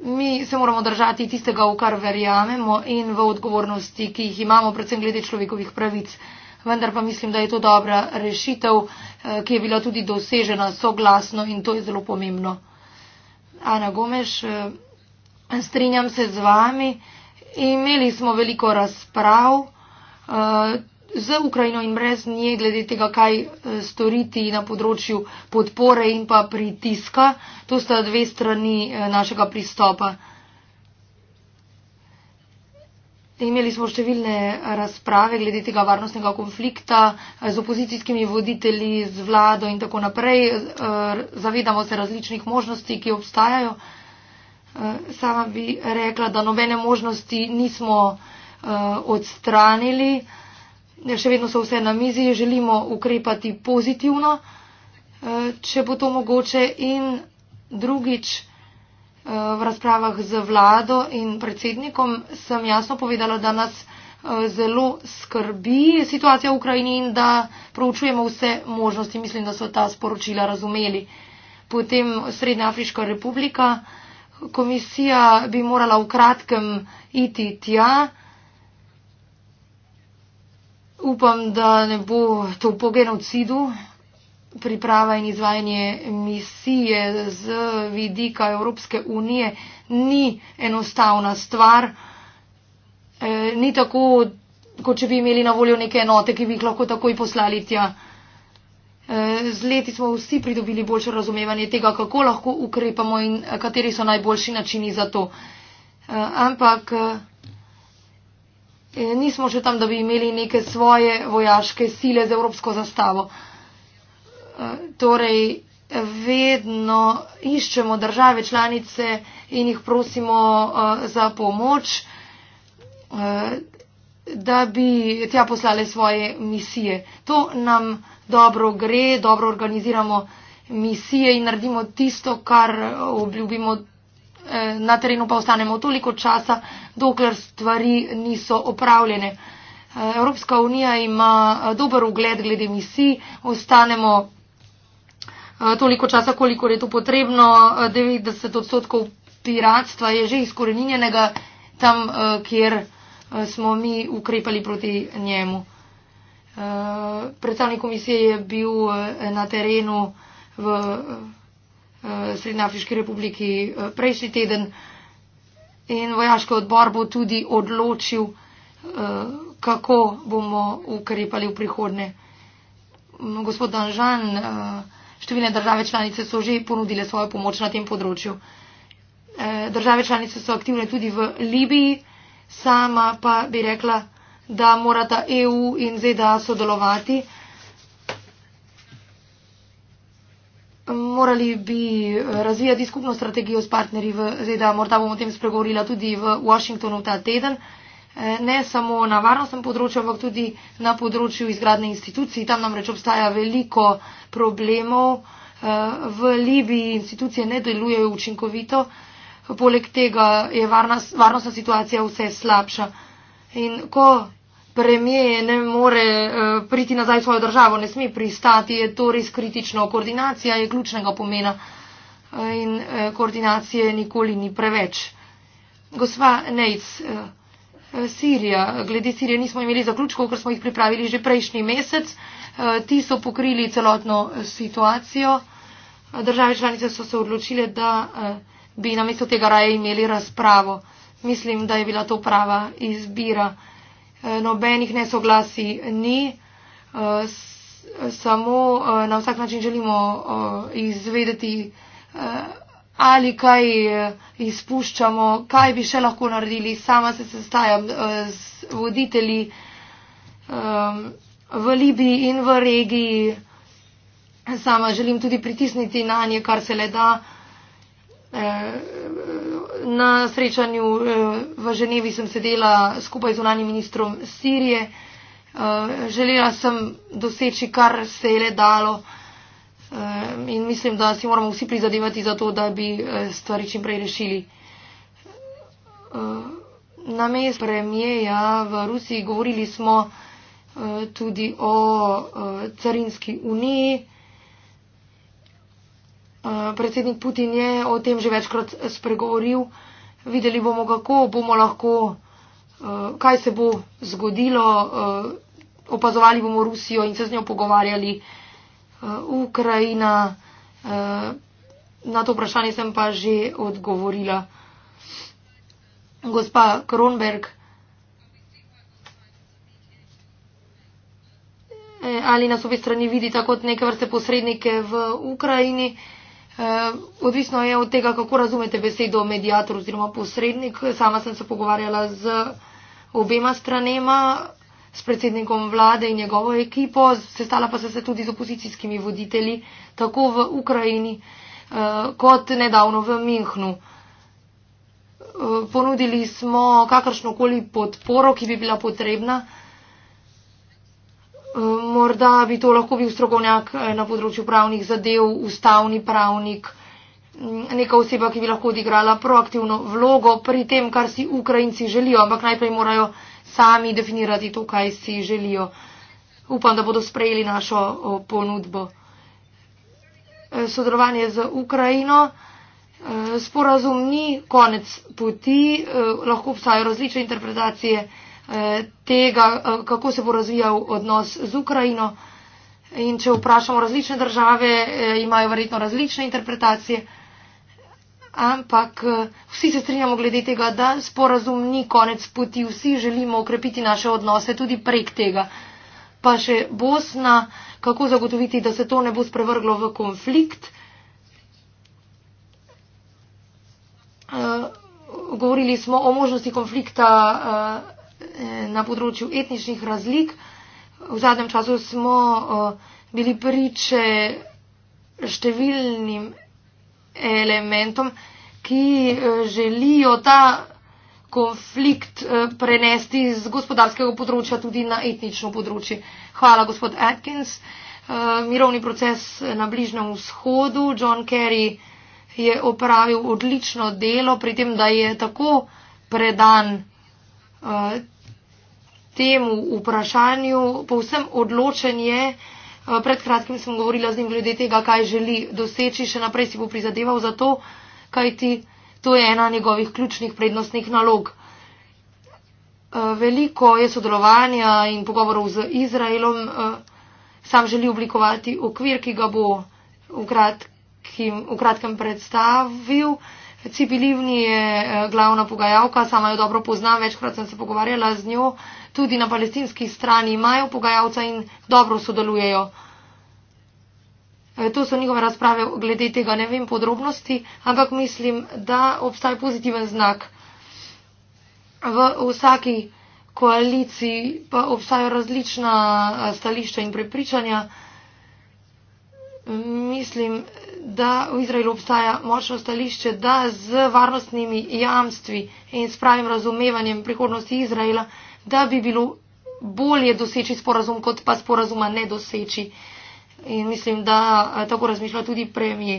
mi se moramo držati tistega, v kar verjamemo in v odgovornosti, ki jih imamo, predvsem glede človekovih pravic. Vendar pa mislim, da je to dobra rešitev, ki je bila tudi dosežena soglasno in to je zelo pomembno. Ana Gomeš, strinjam se z vami. Imeli smo veliko razprav z Ukrajino in brez nje, glede tega, kaj eh, storiti na področju podpore in pa pritiska. To sta dve strani eh, našega pristopa. Imeli smo številne razprave glede tega varnostnega konflikta eh, z opozicijskimi voditelji, z vlado in tako naprej. Zavedamo se različnih možnosti, ki obstajajo. Sama bi rekla, da nobene možnosti nismo. Eh, odstranili. Ja, še vedno so vse na mizi, želimo ukrepati pozitivno, eh, če bo to mogoče. In drugič, eh, v razpravah z vlado in predsednikom sem jasno povedala, da nas zelo skrbi situacija v Ukrajini in da proučujemo vse možnosti. Mislim, da so ta sporočila razumeli. Potem Srednja Afriška republika. Komisija bi morala v kratkem iti tja upam, da ne bo to po genocidu priprava in izvajanje misije z vidika Evropske unije ni enostavna stvar. E, ni tako, kot če bi imeli na voljo neke enote, ki bi jih lahko takoj poslali tja. E, z leti smo vsi pridobili boljše razumevanje tega, kako lahko ukrepamo in kateri so najboljši načini za to. E, ampak. E, E, nismo še tam, da bi imeli neke svoje vojaške sile z evropsko zastavo. E, torej, vedno iščemo države članice in jih prosimo e, za pomoč, da bi tja poslale svoje misije. To nam dobro gre, dobro organiziramo misije in naredimo tisto, kar obljubimo Eh, na terenu pa ostanemo toliko časa, dokler stvari niso opravljene. Eh, Evropska unija ima eh, dober ugled glede misij, ostanemo toliko časa, koliko je to potrebno. 90 odstotkov piratstva je že izkoreninjenega tam, kjer smo mi ukrepali proti njemu. Predstavnik komisije je bil na terenu v. Srednjeafriške republiki eh, prejšnji teden in vojaški odbor bo tudi odločil, eh, kako bomo ukrepali v prihodne. Mm, gospod Danžan, eh, številne države članice so že ponudile svojo pomoč na tem področju. Države članice so aktivne tudi v Libiji, sama pa bi rekla, da morata EU in ZDA sodelovati. morali bi eh, razvijati skupno strategijo s partnerji v ZDA. Morda bom o tem spregovorila tudi v Washingtonu ta teden. Eh, ne samo na varnostnem področju, ampak tudi na področju izgradne institucij. Tam namreč obstaja veliko problemov. Eh, v Libiji institucije ne delujejo učinkovito. Poleg tega je varnostna situacija vse slabša. In ko premije ne more uh, priti nazaj v svojo državo, ne sme pristati, je to res kritično. Koordinacija je ključnega pomena uh, in uh, koordinacije nikoli ni preveč. Gospa Neitz, uh, Sirija, glede Sirije nismo imeli zaključkov, ker smo jih pripravili že prejšnji mesec. Uh, ti so pokrili celotno situacijo. Države članice so se odločile, da uh, bi namesto tega raje imeli razpravo. Mislim, da je bila to prava izbira. Eh, nobenih nesoglasij ni, eh, samo eh, na vsak način želimo izvedeti, ali kaj izpuščamo, kaj bi še lahko naredili. Sama se sestajam z voditelji v Libiji in v regiji. Sama želim tudi pritisniti na nje, kar se le da na srečanju eh, v Ženevi sem sedela skupaj z unanim ministrom Sirije. Eh, želela sem doseči, kar se je le dalo eh, in mislim, da si moramo vsi prizadevati za to, da bi stvari čim prej rešili. Na mej premijeja v Rusiji govorili smo tudi o carinski uniji. Eh, predsednik Putin je o tem že večkrat spregovoril. Videli bomo, kako bomo lahko, eh, kaj se bo zgodilo. Eh, opazovali bomo Rusijo in se z njo pogovarjali. Ukrajina. Na to vprašanje sem pa že odgovorila. Gospa Kronberg. Ali nas obe strani vidita kot neke vrste posrednike v Ukrajini? Eh, odvisno je od tega, kako razumete besedo medijator oziroma posrednik. Sama sem se pogovarjala z obema stranema, s predsednikom vlade in njegovo ekipo, sestala pa sem se tudi z opozicijskimi voditelji, tako v Ukrajini eh, kot nedavno v Minhnu. Eh, ponudili smo kakršnokoli podporo, ki bi bila potrebna, Eh, morda bi to lahko bil strokovnjak eh, na področju pravnih zadev, ustavni pravnik, mm, neka oseba, ki bi lahko odigrala proaktivno vlogo pri tem, kar si Ukrajinci želijo, ampak najprej morajo sami definirati to, kaj si želijo. Upam, da bodo sprejeli našo eh, ponudbo. Sodelovanje z Ukrajino. Sporazum ni konec poti, lahko obstajajo različne interpretacije. Eh, tega, eh, kako se bo razvijal odnos z Ukrajino. In če vprašamo različne države, eh, imajo verjetno različne interpretacije, ampak vsi se strinjamo glede tega, da sporazum ni konec poti, vsi želimo ukrepiti naše odnose tudi prek tega. Pa še Bosna, kako zagotoviti, da se to ne bo sprevrglo v konflikt. Govorili smo o možnosti konflikta Eh, na področju etničnih razlik. V zadnjem času smo eh, bili priče številnim elementom, ki eh, želijo ta konflikt prenesti z gospodarskega področja tudi na etnično področje. Hvala, gospod Atkins. Mirovni proces na Bližnem vzhodu. John Kerry je opravil odlično delo pri tem, da je tako predan temu vprašanju. Povsem odločen je, pred kratkim sem govorila z njim glede tega, kaj želi doseči, še naprej si bo prizadeval za to, kajti to je ena njegovih ključnih prednostnih nalog. Veliko je sodelovanja in pogovorov z Izraelom. Sam želi oblikovati okvir, ki ga bo v, kratkim, v kratkem predstavil. Cibi Livni je eh, glavna pogajalka, sama jo dobro poznam, večkrat sem se pogovarjala z njo. Tudi na palestinski strani imajo pogajalca in dobro sodelujejo. Eh, to so njihove razprave glede tega, ne vem podrobnosti, ampak mislim, da obstaja pozitiven znak. V vsaki koaliciji pa obstajajo različna eh, stališča in prepričanja. Mislim, da v Izraelu obstaja močno stališče, da z varnostnimi jamstvi in s pravim razumevanjem prihodnosti Izraela, da bi bilo bolje doseči sporazum, kot pa sporazuma ne doseči. In mislim, da eh, tako razmišlja tudi premije.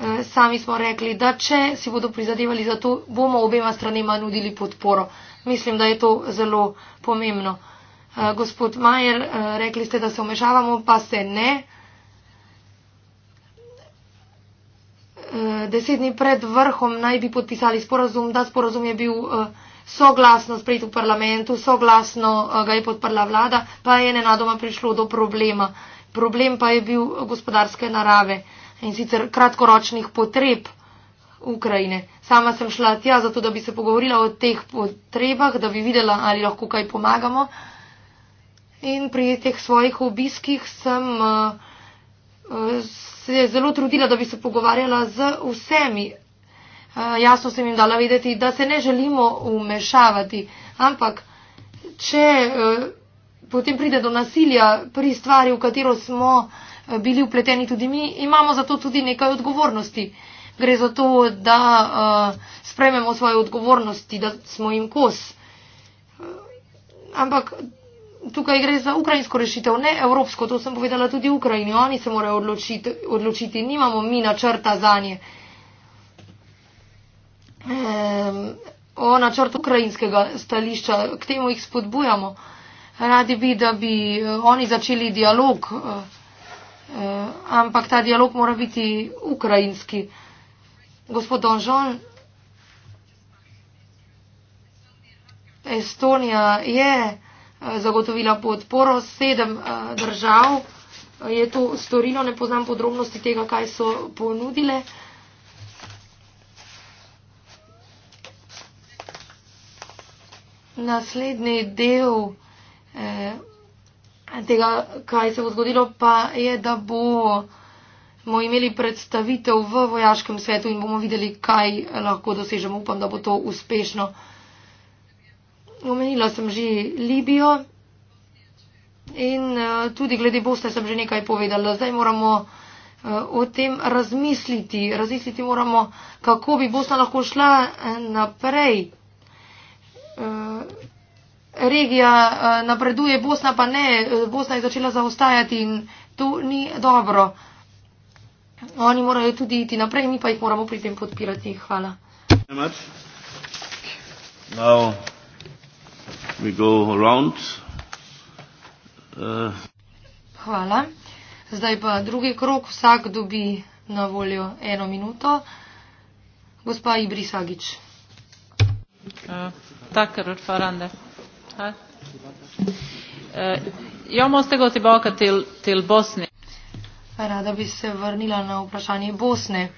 Eh, sami smo rekli, da če si bodo prizadevali za to, bomo obema stranima nudili podporo. Mislim, da je to zelo pomembno. Eh, gospod Majer, rekli ste, da se omešavamo, pa se ne. Eh, deset dni pred vrhom naj bi podpisali sporazum. Ta sporazum je bil eh, soglasno sprejet v parlamentu, soglasno eh, ga je podprla vlada, pa je nenadoma prišlo do problema. Problem pa je bil gospodarske narave in sicer kratkoročnih potreb Ukrajine. Sama sem šla tja, zato da bi se pogovorila o teh potrebah, da bi videla, ali lahko kaj pomagamo. In pri teh svojih obiskih sem uh, uh, se je zelo trudila, da bi se pogovarjala z vsemi. Eh, jasno sem jim dala vedeti, da se ne želimo umešavati, ampak če eh, potem pride do nasilja pri stvari, v katero smo eh, bili upleteni tudi mi, imamo zato tudi nekaj odgovornosti. Gre za to, da sprejmemo svoje odgovornosti, da smo jim kos. Ampak tukaj gre za ukrajinsko rešitev, ne evropsko, to sem povedala tudi Ukrajini. Oni se morajo odločiti, odločiti. nimamo mi načrta za nje. Ehm, o načrtu ukrajinskega stališča, k temu jih spodbujamo. Radi bi, da bi eh, oni začeli dialog, ehm, ampak ta dialog mora biti ukrajinski. Gospod Donžon. Estonija je. Yeah. Eh, zagotovila podporo. Sedem eh, držav eh, je to storilo, ne poznam podrobnosti tega, kaj so ponudile. Naslednji del tega, kaj se bo zgodilo, pa je, da bomo imeli predstavitev v vojaškem svetu in bomo videli, kaj lahko dosežemo. Upam, da bo to uspešno omenila sem že Libijo in uh, tudi glede Bosne sem že nekaj povedala. Zdaj moramo uh, o tem razmisliti. Razmisliti moramo, kako bi Bosna lahko šla eh, naprej. Uh, regija uh, napreduje, Bosna pa ne. Bosna je začela zaostajati in to ni dobro. Oni morajo tudi iti naprej, mi pa jih moramo pri tem podpirati. Hvala. Now, we go around. Uh. Hvala. Zdaj pa drugi krok. Vsak dobi na voljo eno minuto. Gospa Ibri Sagič. Uh, tackar ordförande. Uh, jag måste gå tillbaka till, till Bosnien. Rada bi se vrnila na vprašanje Bosne.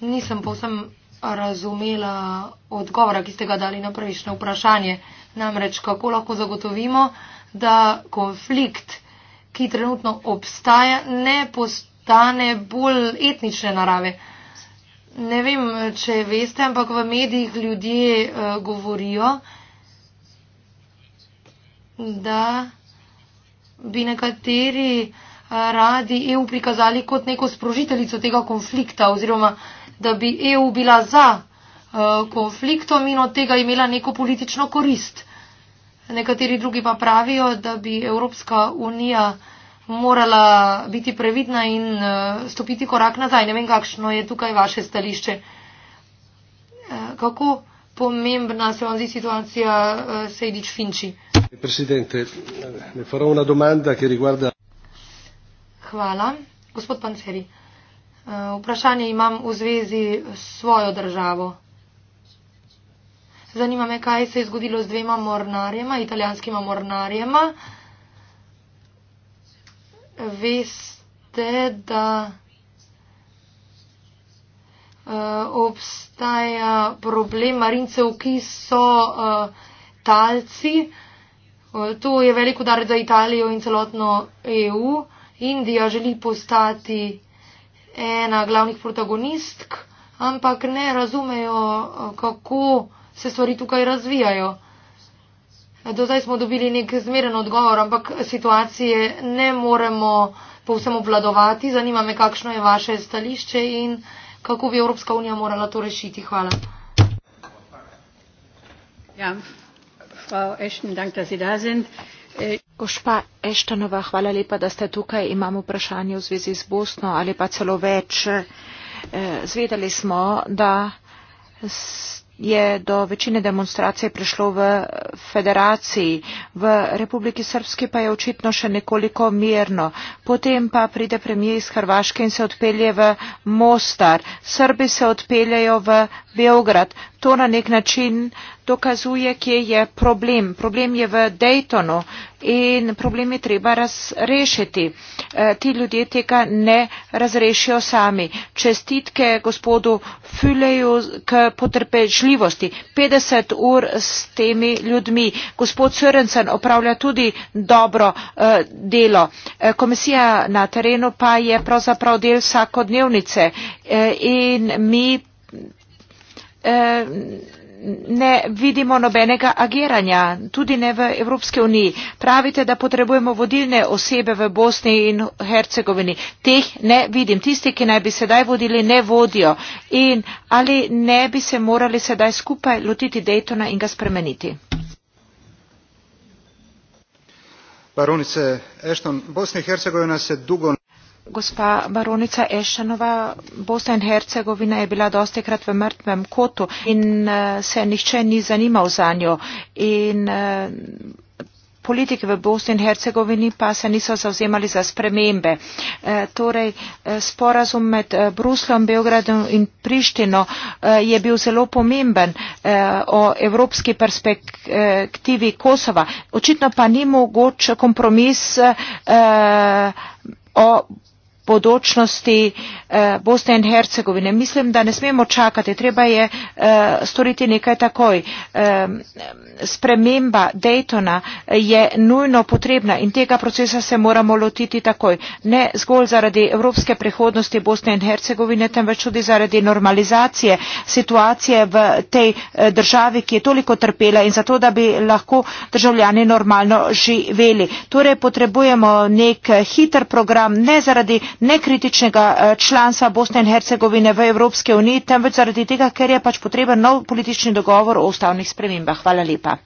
Nisem povsem razumela odgovora, ki ste ga dali na prejšnje vprašanje. Namreč, kako lahko zagotovimo, da konflikt, ki trenutno obstaja, ne postane bolj etnične narave. Ne vem, če veste, ampak v medijih ljudje uh, govorijo, da bi nekateri uh, radi EU prikazali kot neko sprožiteljico tega konflikta oziroma uh, da bi EU bila za uh, konfliktom in od tega imela neko politično korist. Nekateri drugi pa pravijo, da bi Evropska unija morala biti previdna in uh, stopiti korak nazaj. Ne vem, kakšno je tukaj vaše stališče. Uh, kako pomembna se vam zdi situacija uh, Sejdič Finči? Hvala. Gospod Panceri. Eh, vprašanje imam v zvezi s svojo državo. Zanima me, kaj se je zgodilo z dvema mornarjema, italijanskima mornarjema. Veste, da eh, obstaja problem marincev, ki so eh, talci. To je veliko dar za Italijo in celotno EU. Indija želi postati ena glavnih protagonistk, ampak ne razumejo, kako se stvari tukaj razvijajo. Do zdaj smo dobili nek zmeren odgovor, ampak situacije ne moremo povsem obvladovati. Zanima me, kakšno je vaše stališče in kako bi Evropska unija morala to rešiti. Hvala. Ja, Frau Ashton, dank, da Sie da sind gospa eštonova hvala lepa da ste tukaj imam vprašanje v zvezi z bosno ali pa celo več eh, zvedeli smo da je do večine demonstracije prišlo v federaciji, v Republiki Srpski pa je očitno še nekoliko mirno. Potem pa pride premijer iz Hrvaške in se odpelje v Mostar. Srbi se odpeljejo v Beograd to na nek način dokazuje, kje je problem. Problem je v Daytonu in problem je treba razrešiti. Eh, ti ljudje tega ne razrešijo sami. Čestitke gospodu Füleju k potrpežljivosti. 50 ur s temi ljudmi. Gospod Sörensen opravlja tudi dobro eh, delo. Eh, komisija na terenu pa je pravzaprav del vsakodnevnice in mi Eh, ne vidimo nobenega ageranja, tudi ne v Evropske uniji. Pravite, da potrebujemo vodilne osebe v Bosni in Hercegovini. Teh ne vidim. Tisti, ki naj bi sedaj vodili, ne vodijo. In ali ne bi se morali sedaj skupaj lotiti Daytona in ga spremeniti? Baronice Ešton, Bosna in Hercegovina se dugo gospa baronica ešanova bosna in hercegovina je bila dostikrat v mrtvem kotu in eh, se nihče ni zanimal za njo in eh, politiki v Bosni in Hercegovini pa se niso zavzemali za spremembe. E, torej, sporazum med Bruslom, Beogradom in Prištino e, je bil zelo pomemben e, o evropski perspektivi Kosova. Očitno pa ni mogoč kompromis e, o bodočnosti eh, Bosne in Hercegovine. Mislim, da ne smemo čakati, treba je eh, storiti nekaj takoj. Sprememba Daytona eh, je nujno potrebna in tega procesa se moramo lotiti takoj. Ne zgolj zaradi evropske prihodnosti Bosne in Hercegovine, temveč tudi zaradi normalizacije situacije v tej državi, ki je toliko trpela in zato, da bi lahko državljani normalno živeli. Torej potrebujemo nek hiter program, ne zaradi nekritičnega eh, članstva Bosne in Hercegovine v Evropske uniji, temveč zaradi tega, ker je pač potreben nov politični dogovor o ustavnih spremembah. Hvala lepa.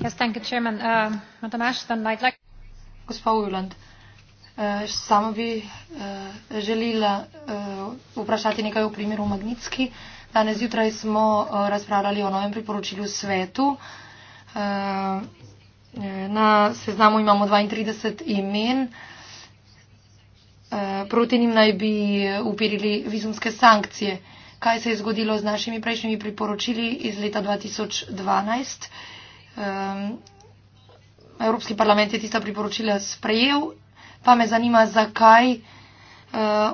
Yes, thank you, Chairman. Uh, Madam Ashton, I'd like... Gospa Ujland, uh, eh, samo bi uh, eh, želila uh, vprašati nekaj o primeru Magnitski. Danes jutraj smo uh, razpravljali o novem priporočilu svetu. Uh, Na seznamu imamo 32 imen. Eh, proti njim naj bi upirili vizumske sankcije. Kaj se je zgodilo z našimi prejšnjimi priporočili iz leta 2012? Ehm, Evropski parlament je tista priporočila sprejel, pa me zanima, zakaj eh,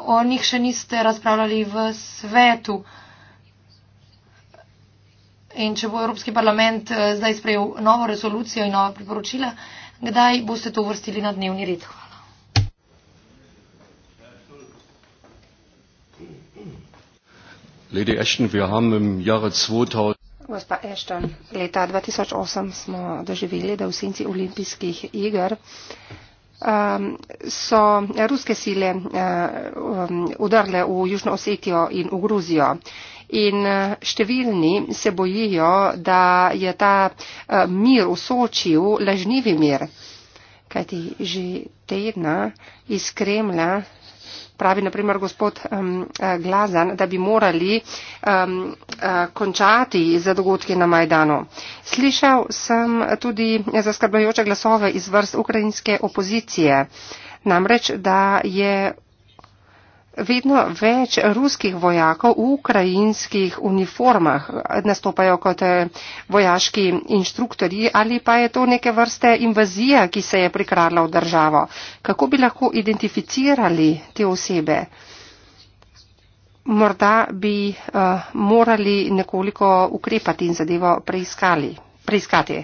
o njih še niste razpravljali v svetu. In če bo Evropski parlament eh, zdaj sprejel novo rezolucijo in nova priporočila, kdaj boste to vrstili na dnevni red? Hvala. Gospa Ashton, leta 2008 smo doživeli, da v senci olimpijskih igr um, so ruske sile eh, um, udarle v Južno Osetijo in v Gruzijo. In eh, številni se bojijo, da je ta eh, mir v Sočiju lažnivi mir, kajti že tedna iz Kremlja pravi naprimer gospod um, Glazan, da bi morali um, uh, končati za dogodki na Majdanu. Slišal sem tudi zaskrbljajoče glasove iz vrst ukrajinske opozicije, namreč da je vedno več ruskih vojakov v ukrajinskih uniformah nastopajo kot eh, vojaški inštruktori ali pa je to neke vrste invazija, ki se je prikradla v državo. Kako bi lahko identificirali te osebe? Morda bi uh, morali nekoliko ukrepati in zadevo preiskali, preiskati.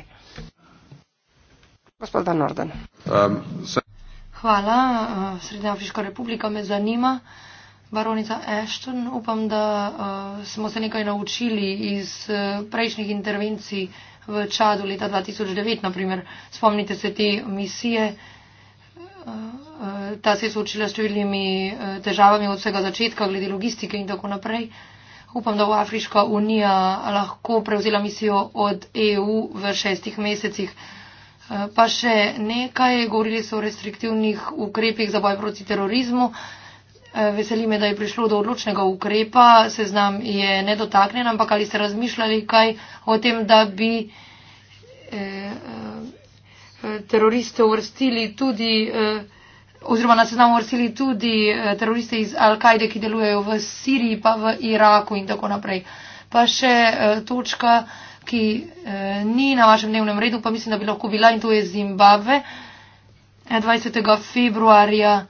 Gospod Norden. Um, so... Hvala. Eh, Srednja Afriška republika me zanima. Baronica Ashton, upam, da eh, smo se nekaj naučili iz eh, prejšnjih intervencij v Čadu leta 2009, naprimer. Spomnite se te misije. Ta se je soočila s številnimi težavami od vsega začetka, glede logistike in tako naprej. Upam, da bo Afriška unija lahko prevzela misijo od EU v šestih mesecih. Pa še nekaj, govorili so o restriktivnih ukrepih za boj proti terorizmu. Eh, veseli me, da je prišlo do odločnega ukrepa, se znam, je nedotaknjen, ampak ali ste razmišljali kaj o tem, da bi eh, eh, teroriste uvrstili tudi, oziroma na seznam uvrstili tudi teroriste iz Al-Kaide, ki delujejo v Siriji, pa v Iraku in tako naprej. Pa še točka ki eh, ni na vašem dnevnem redu, pa mislim, da bi lahko bila in to je Zimbabve. 20. Eh, februarja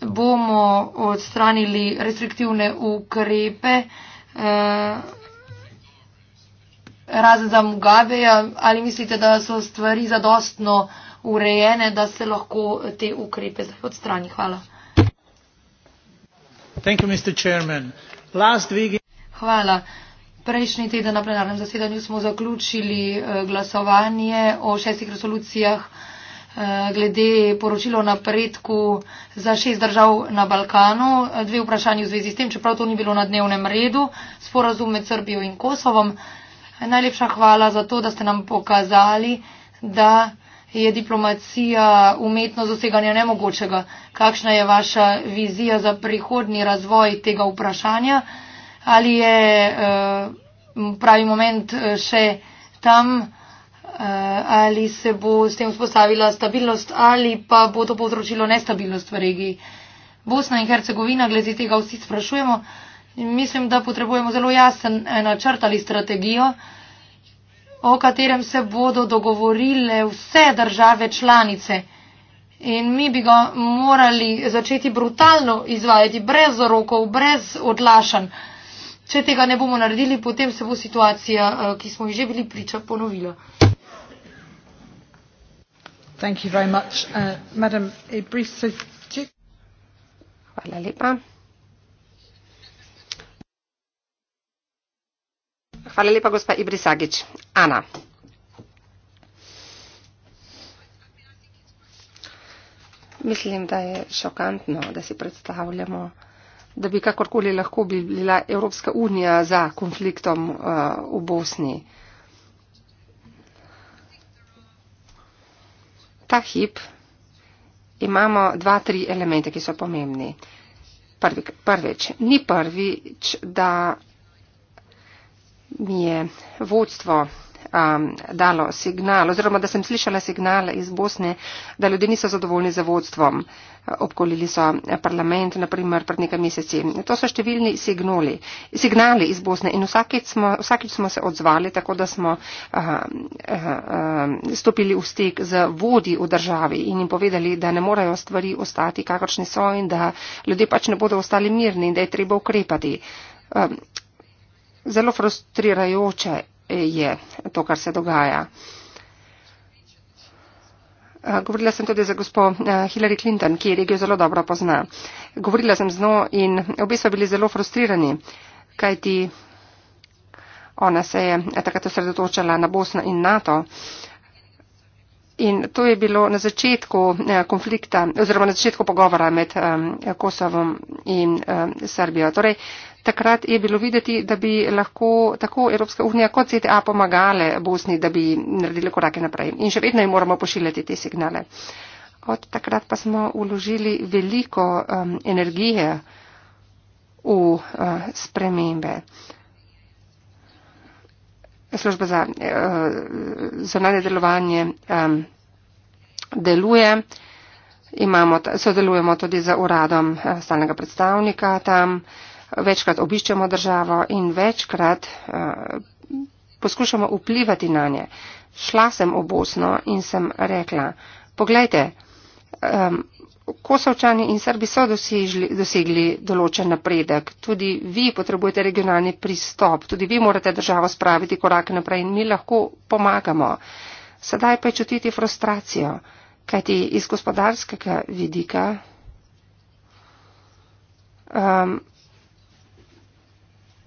bomo odstranili restriktivne ukrepe, eh, razen za Mugabeja. Ali mislite, da so stvari zadostno urejene, da se lahko te ukrepe zdaj odstrani? Hvala. Thank you, Mr. Chairman. Last week... Hvala. Prejšnji teden na plenarnem zasedanju smo zaključili eh, glasovanje o šestih resolucijah eh, glede poročilo napredku za šest držav na Balkanu. Eh, dve vprašanje v zvezi s tem, čeprav to ni bilo na dnevnem redu, sporazum med Srbijo in Kosovom. Najlepša hvala za to, da ste nam pokazali, da je diplomacija umetno doseganje nemogočega. Kakšna je vaša vizija za prihodni razvoj tega vprašanja? ali je eh, pravi moment eh, še tam, eh, ali se bo s tem vzpostavila stabilnost ali pa bo to povzročilo nestabilnost v regiji. Bosna in Hercegovina, glede tega vsi sprašujemo, mislim, da potrebujemo zelo jasen načrt ali strategijo, o katerem se bodo dogovorile vse države članice. In mi bi ga morali začeti brutalno izvajati, brez rokov, brez odlašanj. Če tega ne bomo naredili, potem se bo situacija, eh, ki smo jo že bili priča, ponovila. Uh, madam, Hvala lepa. Hvala lepa, gospa Ibrisagič. Ana. Mislim, da je šokantno, da si predstavljamo da bi kakorkoli lahko bila Evropska unija za konfliktom uh, v Bosni. Ta hip imamo dva, tri elemente, ki so pomembni. Prvi, prvič, ni prvič, da mi je vodstvo um, dalo signal, oziroma da sem slišala signale iz Bosne, da ljudje niso zadovoljni za vodstvom. Obkolili so parlament, naprimer, pred nekaj meseci. To so številni signali, signali iz Bosne in vsakeč smo, vsakeč smo se odzvali, tako da smo uh, uh, uh, stopili v stik z vodi v državi in jim povedali, da ne morajo stvari ostati, kakršne so in da ljudje pač ne bodo ostali mirni in da je treba ukrepati. Um, zelo frustrirajoče je to, kar se dogaja. Eh, govorila sem tudi za gospo eh, Hillary Clinton, ki regijo zelo dobro pozna. Govorila sem z njo in obi so bili zelo frustrirani, kajti ona se je eh, takrat osredotočala na Bosno in NATO. In to je bilo na začetku konflikta oziroma na začetku pogovora med Kosovom in Srbijo. Torej, Takrat je bilo videti, da bi lahko tako Evropska unija kot CTA pomagale Bosni, da bi naredili korake naprej. In še vedno jim moramo pošiljati te signale. Od takrat pa smo uložili veliko um, energije v uh, spremembe. Služba za uh, zonanje delovanje um, deluje. Imamo, sodelujemo tudi za uradom uh, stalnega predstavnika tam. Uh, večkrat obiščemo državo in večkrat eh, poskušamo vplivati na nje. Šla sem v Bosno in sem rekla, pogledajte, Kosovčani in Srbi so dosegli, dosegli določen napredek, tudi vi potrebujete regionalni pristop, tudi vi morate državo spraviti korak naprej in mi lahko pomagamo. Sedaj pa je čutiti frustracijo, kajti iz gospodarskega vidika um,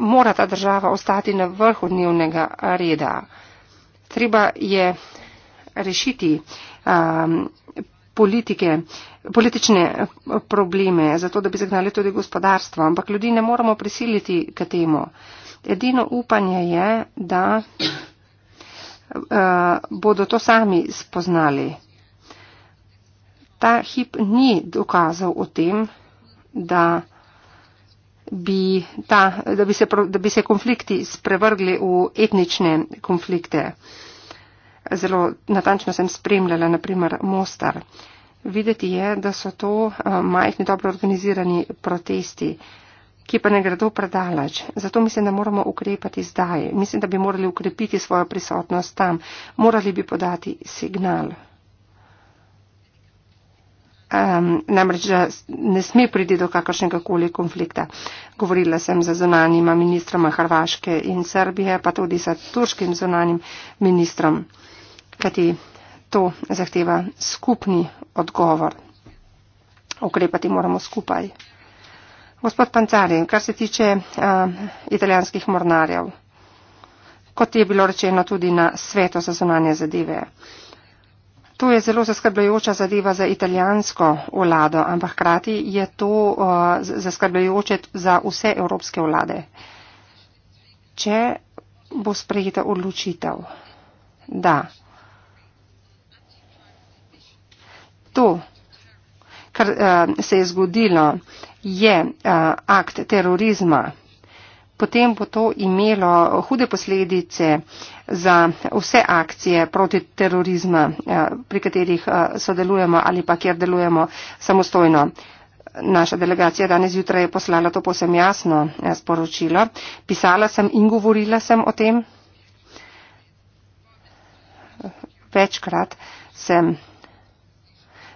mora ta država ostati na vrhu dnevnega reda. Treba je rešiti um, politike, politične probleme, zato da bi zagnali tudi gospodarstvo, ampak ljudi ne moramo prisiliti k temu. Edino upanje je, da uh, bodo to sami spoznali. Ta hip ni dokazal o tem, da bi, ta, da bi, se, da bi se konflikti sprevrgli v etnične konflikte. Zelo natančno sem spremljala, naprimer, Mostar. Videti je, da so to eh, majhni, dobro organizirani protesti, ki pa ne gredo predalač. Zato mislim, da moramo ukrepati zdaj. Mislim, da bi morali ukrepiti svojo prisotnost tam. Morali bi podati signal um, namreč ne sme priti do kakršnega koli konflikta. Govorila sem za zunanjima ministroma Hrvaške in Srbije, pa tudi za turškim zunanjim ministrom, kajti to zahteva skupni odgovor. Ukrepati moramo skupaj. Gospod Pancari, kar se tiče uh, italijanskih mornarjev, kot je bilo rečeno tudi na svetu za zunanje zadeve. To je zelo zaskrbljajoča zadeva za italijansko vlado, ampak hkrati je to uh, zaskrbljajoče za vse evropske vlade. Če bo sprejeta odločitev, da to, kar uh, se je zgodilo, je uh, akt terorizma, potem bo to imelo hude posledice za vse akcije proti terorizma, eh, pri katerih eh, sodelujemo ali pa kjer delujemo samostojno. Naša delegacija danes jutraj je poslala to posebno jasno eh, sporočilo. Pisala sem in govorila sem o tem. Večkrat sem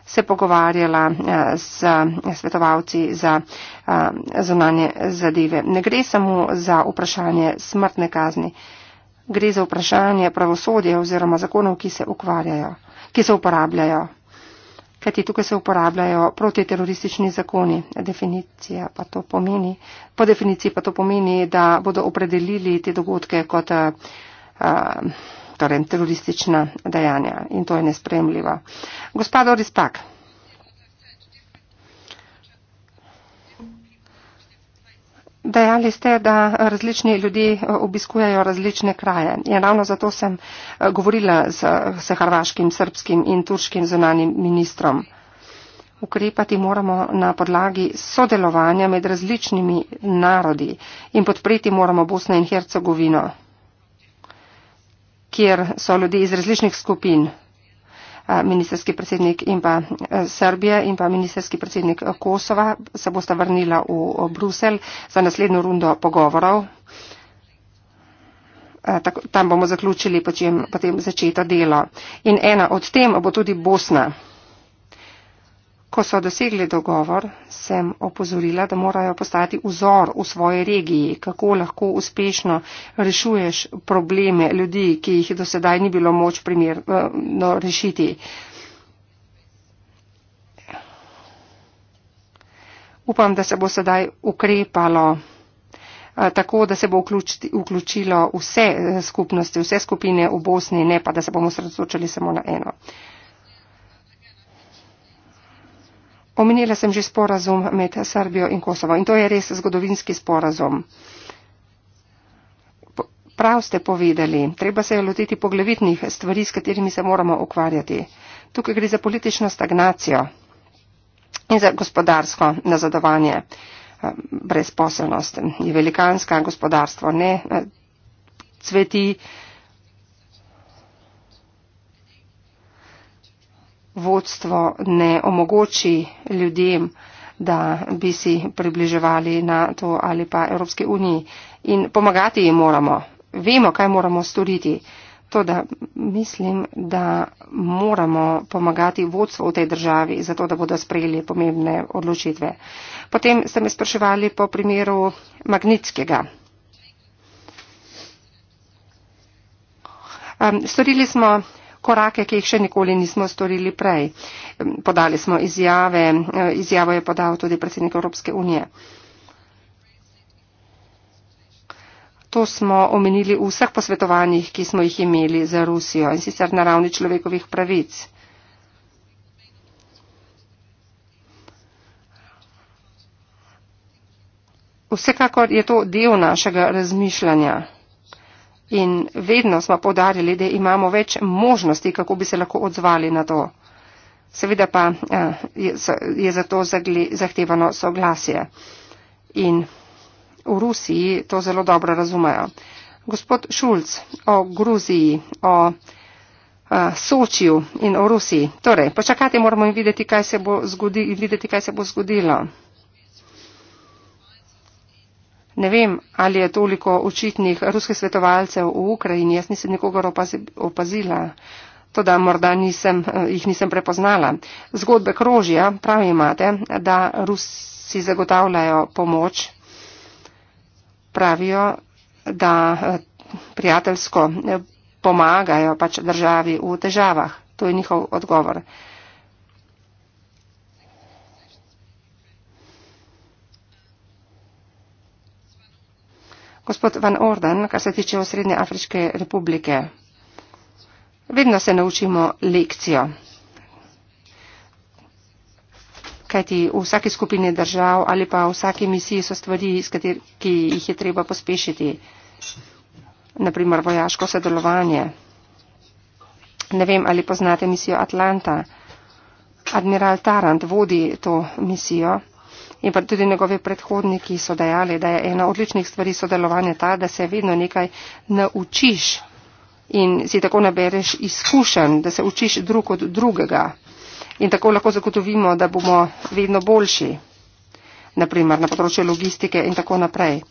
se pogovarjala z eh, svetovalci za eh, zunanje zadeve. Ne gre samo za vprašanje smrtne kazni, gre za vprašanje pravosodja oziroma zakonov, ki se ukvarjajo, ki se uporabljajo. Kajti tukaj se uporabljajo protiteroristični zakoni. Definicija pa to pomeni. Po definiciji pa to pomeni, da bodo opredelili te dogodke kot. Uh, torej teroristična dejanja in to je nespremljivo. Gospod Doris Pak. Dejali ste, da različni ljudje obiskujejo različne kraje. In ja, ravno zato sem eh, govorila z, s hrvaškim, srpskim in turškim zunanim ministrom. Ukrepati moramo na podlagi sodelovanja med različnimi narodi in podpreti moramo Bosno in Hercegovino kjer so ljudi iz različnih skupin, ministerski predsednik in pa Srbije in pa ministerski predsednik Kosova, se bosta vrnila v Brusel za naslednjo rundo pogovorov. Tam bomo zaključili, potem začeto delo. In ena od tem bo tudi Bosna. Ko so dosegli dogovor, sem opozorila, da morajo postati vzor v svoji regiji, kako lahko uspešno rešuješ probleme ljudi, ki jih do sedaj ni bilo moč primerno rešiti. Upam, da se bo sedaj ukrepalo eh, tako, da se bo vključilo vse eh, skupnosti, vse skupine v Bosni, ne pa da se bomo sredotočili samo na eno. Omenila sem že sporazum med Srbijo in Kosovo in to je res zgodovinski sporazum. Prav ste povedali, treba se je lotiti poglavitnih stvari, s katerimi se moramo ukvarjati. Tukaj gre za politično stagnacijo in za gospodarsko nazadovanje. Brezposelnost je velikanska, gospodarstvo ne eh, cveti. vodstvo ne omogoči ljudem, da bi si približevali NATO ali pa Evropske unije. In pomagati jim moramo. Vemo, kaj moramo storiti. To, da mislim, da moramo pomagati vodstvo v tej državi, zato da bodo sprejeli pomembne odločitve. Potem ste me spraševali po primeru Magnitskega. Um, storili smo korake, ki jih še nikoli nismo storili prej. Podali smo izjave, e, izjavo je podal tudi predsednik Evropske unije. To smo omenili v vseh posvetovanjih, ki smo jih imeli za Rusijo in sicer na ravni človekovih pravic. Vsekakor je to del našega razmišljanja. In vedno smo podarili, da imamo več možnosti, kako bi se lahko odzvali na to. Seveda pa eh, je za to zahtevano soglasje. In v Rusiji to zelo dobro razumejo. Gospod Šulc o Gruziji, o eh, Sočiju in o Rusiji. Torej, počakati moramo in videti, kaj se bo, zgodi, videti, kaj se bo zgodilo. Ne vem, ali je toliko očitnih ruskih svetovalcev v Ukrajini, jaz nisem nikogar opazila, tudi morda nisem, eh, jih nisem prepoznala. Zgodbe krožja, pravi imate, da Rusi zagotavljajo pomoč, pravijo, da eh, prijateljsko eh, pomagajo pač državi v težavah. To je njihov odgovor. Gospod Van Orden, kar se tiče Srednje Afriške republike, vedno se naučimo lekcijo. Kajti v vsaki skupini držav ali pa v vsaki misiji so stvari, kateri, ki jih je treba pospešiti. Naprimer vojaško sodelovanje. Ne vem, ali poznate misijo Atlanta. Admiral Tarant vodi to misijo in pa tudi njegovi predhodniki so dejali, da je ena odličnih stvari sodelovanja ta, da se vedno nekaj naučiš in si tako nabereš izkušen, da se učiš drug od drugega in tako lahko zagotovimo, da bomo vedno boljši, naprimer na področju logistike in tako naprej.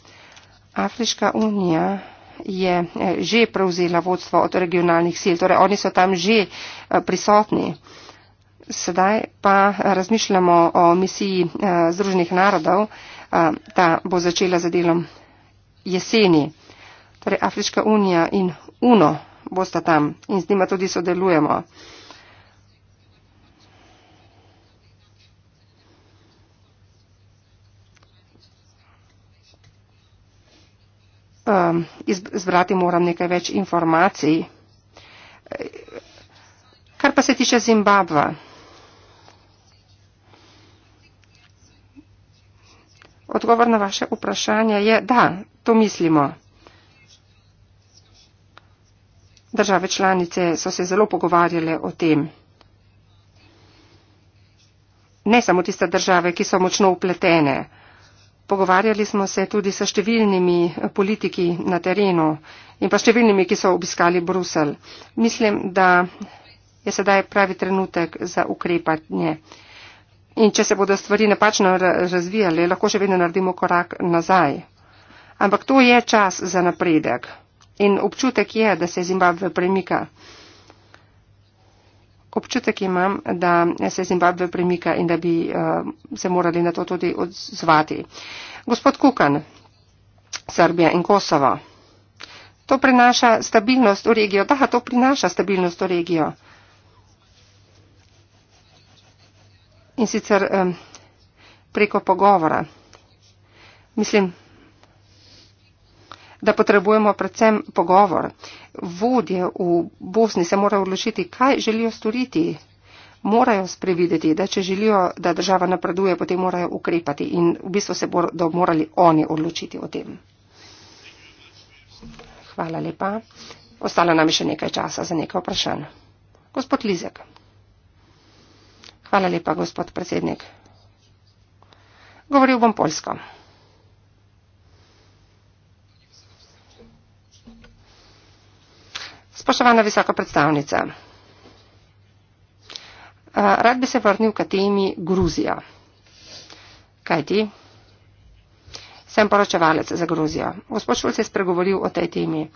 Afriška unija je eh, že prevzela vodstvo od regionalnih sil, torej oni so tam že eh, prisotni. Sedaj pa razmišljamo o misiji eh, Združenih narodov, eh, ta bo začela za delom jeseni. Torej Afriška unija in UNO bosta tam in z njima tudi sodelujemo. Ehm, Izbrati moram nekaj več informacij. Kar pa se tiče Zimbabva. Odgovor na vaše vprašanje je, da, to mislimo. Države članice so se zelo pogovarjale o tem. Ne samo tiste države, ki so močno upletene. Pogovarjali smo se tudi s številnimi politiki na terenu in pa številnimi, ki so obiskali Brusel. Mislim, da je sedaj pravi trenutek za ukrepanje. In če se bodo stvari napačno razvijale, lahko še vedno naredimo korak nazaj. Ampak to je čas za napredek. In občutek je, da se Zimbabve premika. Občutek imam, da se Zimbabve premika in da bi uh, se morali na to tudi odzvati. Gospod Kukan, Srbija in Kosovo. To prinaša stabilnost v regijo. Da, to prinaša stabilnost v regijo. in sicer um, preko pogovora. Mislim, da potrebujemo predvsem pogovor. Vodje v Bosni se morajo odločiti, kaj želijo storiti. Morajo sprevideti, da če želijo, da država napreduje, potem morajo ukrepati in v bistvu se bodo morali oni odločiti o tem. Hvala lepa. Ostalo nam je še nekaj časa za nekaj vprašanj. Gospod Lizek. Hvala lepa, gospod predsednik. Govoril bom polsko. Spoštovana visoka predstavnica, eh, rad bi se vrnil k temi Gruzija. Kaj ti? Sem poročevalec za Gruzijo. Gospod Šulc je spregovoril o tej temi. Uh,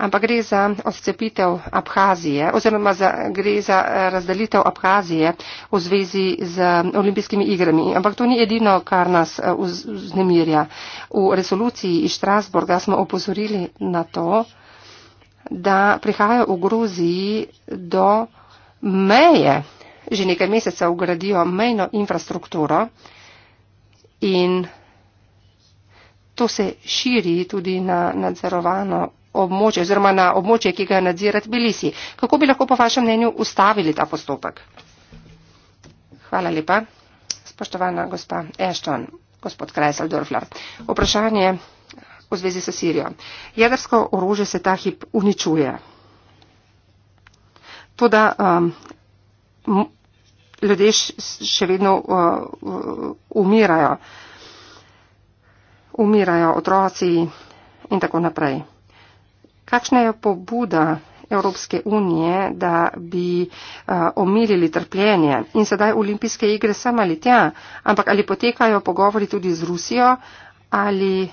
ampak gre za odcepitev Abhazije oziroma za, gre za eh, razdelitev Abhazije v zvezi z eh, olimpijskimi igrami. Ampak to ni edino, kar nas eh, vznemirja. V resoluciji iz Strasburga smo opozorili na to, da prihajajo v Gruziji do meje, že nekaj mesecev ugradijo mejno infrastrukturo in to se širi tudi na nadzorovano območje oziroma na območje, ki ga nadzira Tbilisi. Kako bi lahko po vašem mnenju ustavili ta postopek? Hvala lepa. Spoštovana gospa Ashton, gospod Kreisel Dörfler. Vprašanje v zvezi s Sirijo. Jedrsko orožje se ta hip uničuje. Toda um, ljudje še vedno uh, uh, umirajo. Umirajo otroci in tako naprej. Kakšna je pobuda Evropske unije, da bi uh, omilili trpljenje in sedaj olimpijske igre sama ali tja, ampak ali potekajo pogovori tudi z Rusijo ali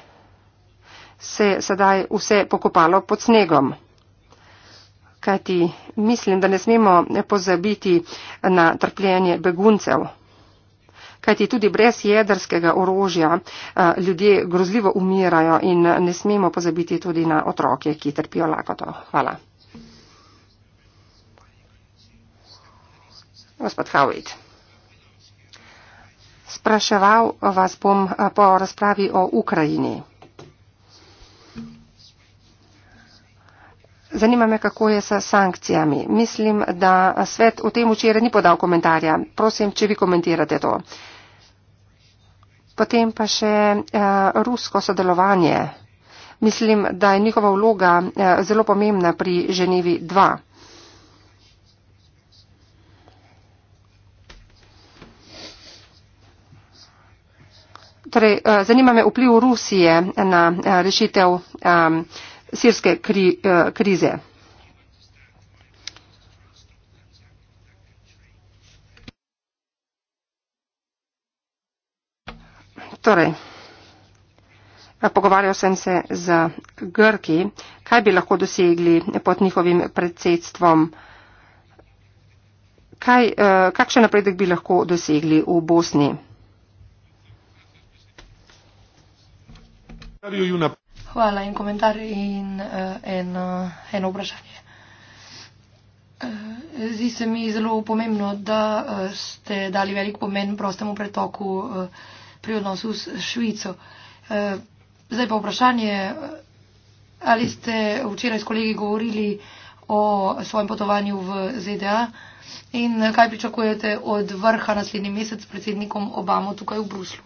se je sedaj vse pokopalo pod snegom. Kajti mislim, da ne smemo pozabiti na trpljenje beguncev kajti tudi brez jedrskega orožja eh, ljudje grozljivo umirajo in ne smemo pozabiti tudi na otroke, ki trpijo lakoto. Hvala. Gospod Howitt. Spraševal vas bom eh, po razpravi o Ukrajini. Zanima me, kako je s sankcijami. Mislim, da svet o tem včeraj ni podal komentarja. Prosim, če vi komentirate to. Potem pa še uh, rusko sodelovanje. Mislim, da je njihova vloga uh, zelo pomembna pri Ženevi 2. Torej, uh, zanima me vpliv Rusije na uh, rešitev. Um, sirske kri, eh, krize. Torej, eh, pogovarjal sem se z Grki, kaj bi lahko dosegli pod njihovim predsedstvom, kaj, eh, kakšen napredek bi lahko dosegli v Bosni. Are you in a Hvala in komentar in uh, en, uh, eno vprašanje. Eh, zdi se mi zelo pomembno, da ste dali velik pomen prostemu pretoku pri odnosu s Švico. Zdaj pa vprašanje, ali ste včeraj s kolegi govorili o svojem potovanju v ZDA in kaj pričakujete od vrha naslednji mesec s predsednikom Obamo tukaj v Bruslu?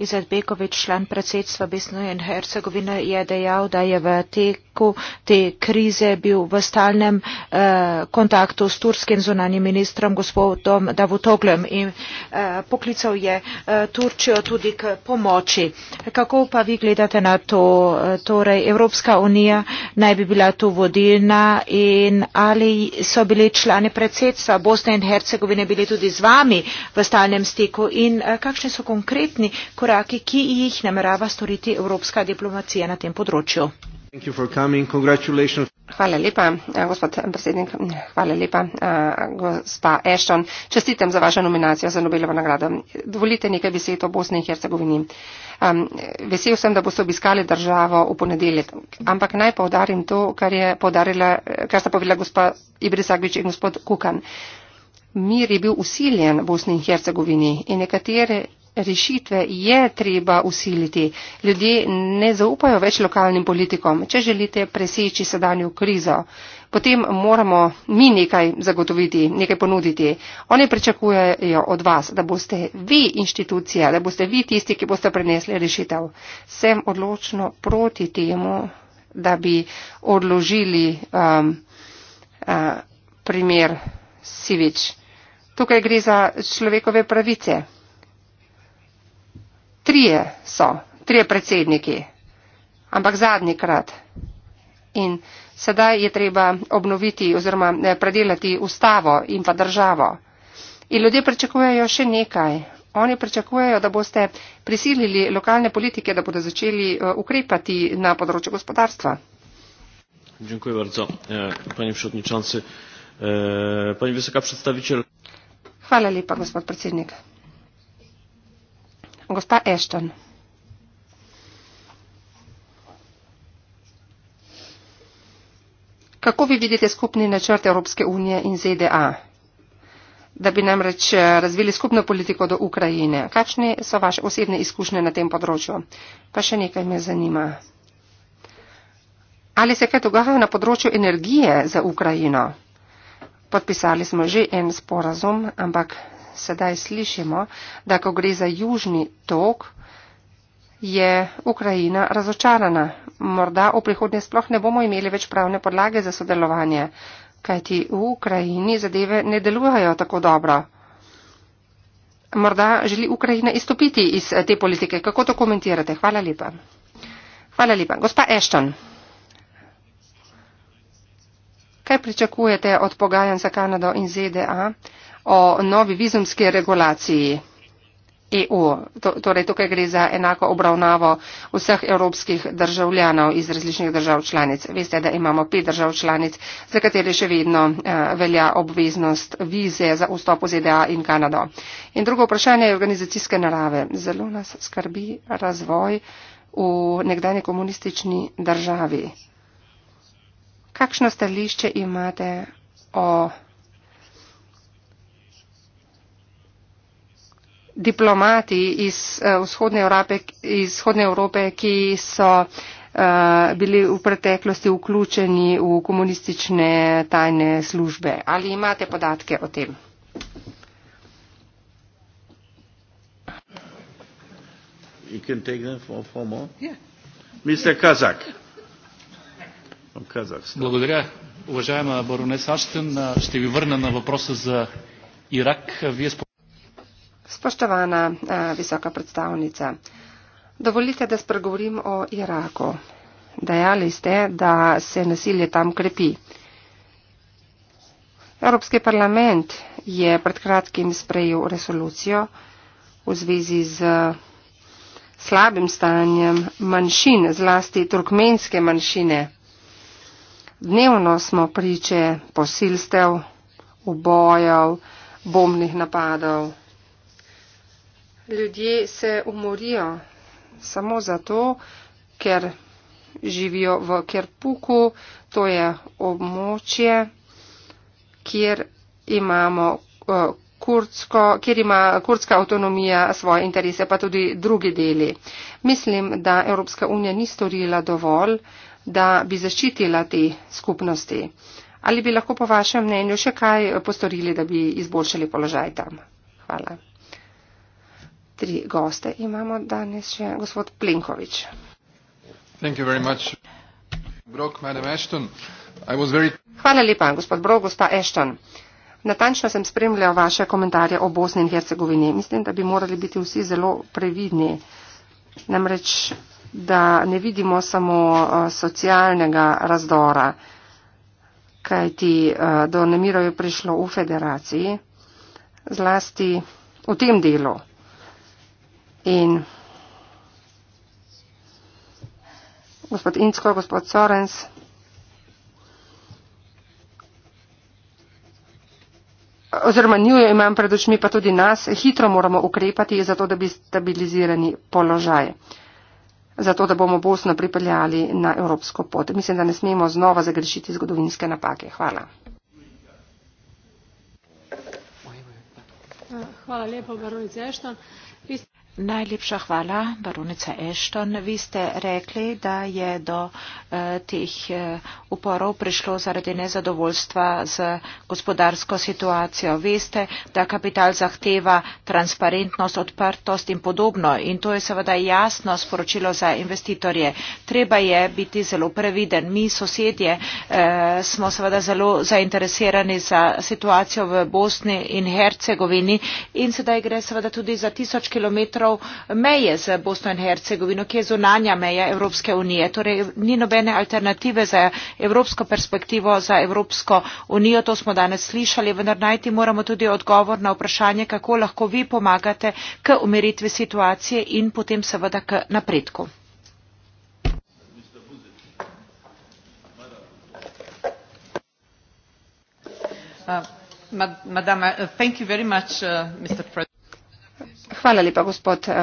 Izetbekovič, član predsedstva Bosne in Hercegovine, je dejal, da je v teku te krize bil v stalnem eh, kontaktu s turskim zunanjim ministrom gospodom Davutoglem in eh, poklical je eh, Turčijo tudi k pomoči. Kako pa vi gledate na to? Eh, torej, Evropska unija naj bi bila tu vodilna in ali so bili člani predsedstva Bosne in Hercegovine bili tudi z vami v stalnem stiku in eh, kakšni so konkretni korak? koraki, ki jih namerava storiti evropska diplomacija na tem področju. Hvala lepa, eh, gospod eh, predsednik. Hvala lepa, eh, gospa Ashton. Čestitam za vašo nominacijo za Nobelovo nagrado. Dovolite nekaj besed o Bosni in Hercegovini. Um, vesel sem, da boste obiskali državo v ponedeljek, ampak naj povdarim to, kar, je kar sta povedala gospa Ibrisagvič in gospod Kukan. Mir je bil usiljen v Bosni in Hercegovini in nekatere rešitve je treba usiliti. Ljudje ne zaupajo več lokalnim politikom. Če želite preseči sedanjo krizo, potem moramo mi nekaj zagotoviti, nekaj ponuditi. Oni pričakujejo od vas, da boste vi inštitucija, da boste vi tisti, ki boste prenesli rešitev. Sem odločno proti temu, da bi odložili um, uh, primer Sivič. Tukaj gre za človekove pravice trije so, trije predsedniki, ampak zadnji krat. In sedaj je treba obnoviti oziroma eh, predelati ustavo in pa državo. In ljudje pričakujejo še nekaj. Oni pričakujejo, da boste prisilili lokalne politike, da bodo začeli eh, ukrepati na področju gospodarstva. Eh, Hvala lepa, gospod predsednik. Gospa Ešton. Kako vi vidite skupni načrt Evropske unije in ZDA, da bi namreč eh, razvili skupno politiko do Ukrajine? Kakšne so vaše osebne izkušnje na tem področju? Pa še nekaj me zanima. Ali se kaj dogaja na področju energije za Ukrajino? Podpisali smo že en sporazum, ampak sedaj slišimo, da ko gre za južni tok, je Ukrajina razočarana. Morda v prihodnje sploh ne bomo imeli več pravne podlage za sodelovanje, kajti v Ukrajini zadeve ne delujejo tako dobro. Morda želi Ukrajina izstopiti iz eh, te politike. Kako to komentirate? Hvala lepa. Hvala lepa. Gospa Ashton. Kaj pričakujete od pogajanj za Kanado in ZDA? o novi vizumski regulaciji. EU. Torej, tukaj gre za enako obravnavo vseh evropskih državljanov iz različnih držav članic. Veste, da imamo pet držav članic, za katere še vedno eh, velja obveznost vize za vstop v ZDA in Kanado. In drugo vprašanje je organizacijske narave. Zelo nas skrbi razvoj v nekdanje komunistični državi. Kakšno stališče imate o. diplomati iz eh, vzhodne Evrope, iz vzhodne Evrope ki so eh, bili v preteklosti vključeni v komunistične tajne službe. Ali imate podatke o tem? You can take them for, for more? Yeah. Mr. Yeah. Kazak. From Kazakhstan. Благодаря, уважаема баронес Аштен. Ще ви върна на въпроса за Ирак. Вие спом... Spoštovana eh, visoka predstavnica, dovolite, da spregovorim o Iraku. Dejali ste, da se nasilje tam krepi. Evropski parlament je pred kratkim sprejel resolucijo v zvezi z slabim stanjem manjšin, zlasti turkmenske manjšine. Dnevno smo priče posilstev, ubojev, bombnih napadov ljudje se umorijo samo zato, ker živijo v Kerpuku, to je območje, kjer imamo eh, kurdsko, kjer ima kurdska avtonomija svoje interese, pa tudi drugi deli. Mislim, da Evropska unija ni storila dovolj, da bi zaščitila te skupnosti. Ali bi lahko po vašem mnenju še kaj postorili, da bi izboljšali položaj tam? Hvala. Tri goste imamo danes še gospod Plinković. Hvala lepa, gospod Brok, gospa Ashton. Natančno sem spremljal vaše komentarje o Bosni in Hercegovini. Mislim, da bi morali biti vsi zelo previdni. Namreč, da ne vidimo samo eh, socialnega razdora, kaj ti eh, do nemirov je prišlo v federaciji, zlasti v tem delu in gospod Incko, gospod Sorens. Oziroma, njo imam pred očmi, pa tudi nas, hitro moramo ukrepati, zato da bi stabilizirali položaj, zato da bomo Bosno pripeljali na evropsko pot. Mislim, da ne smemo znova zagrešiti zgodovinske napake. Hvala. Hvala lepo, baronica Ešton. Najlepša hvala, baronica Ešton. Vi ste rekli, da je do eh, teh eh, uporov prišlo zaradi nezadovoljstva z gospodarsko situacijo. Veste, da kapital zahteva transparentnost, odprtost in podobno. In to je seveda jasno sporočilo za investitorje. Treba je biti zelo previden. Mi, sosedje, eh, smo seveda zelo zainteresirani za situacijo v Bosni in Hercegovini. In sedaj gre seveda tudi za tisoč kilometrov kilometrov meje z bosno in hercegovino ki je zunanja meja evropske unije torej ni nobene alternative za evropsko perspektivo za evropsko unijo to smo danes slišali vendar najti moramo tudi odgovor na vprašanje kako lahko vi pomagate k umiritvi situacije in potem seveda k napredku Uh, madam, uh, thank you very much, uh, Mr. President. Hvala lepa, gospod eh,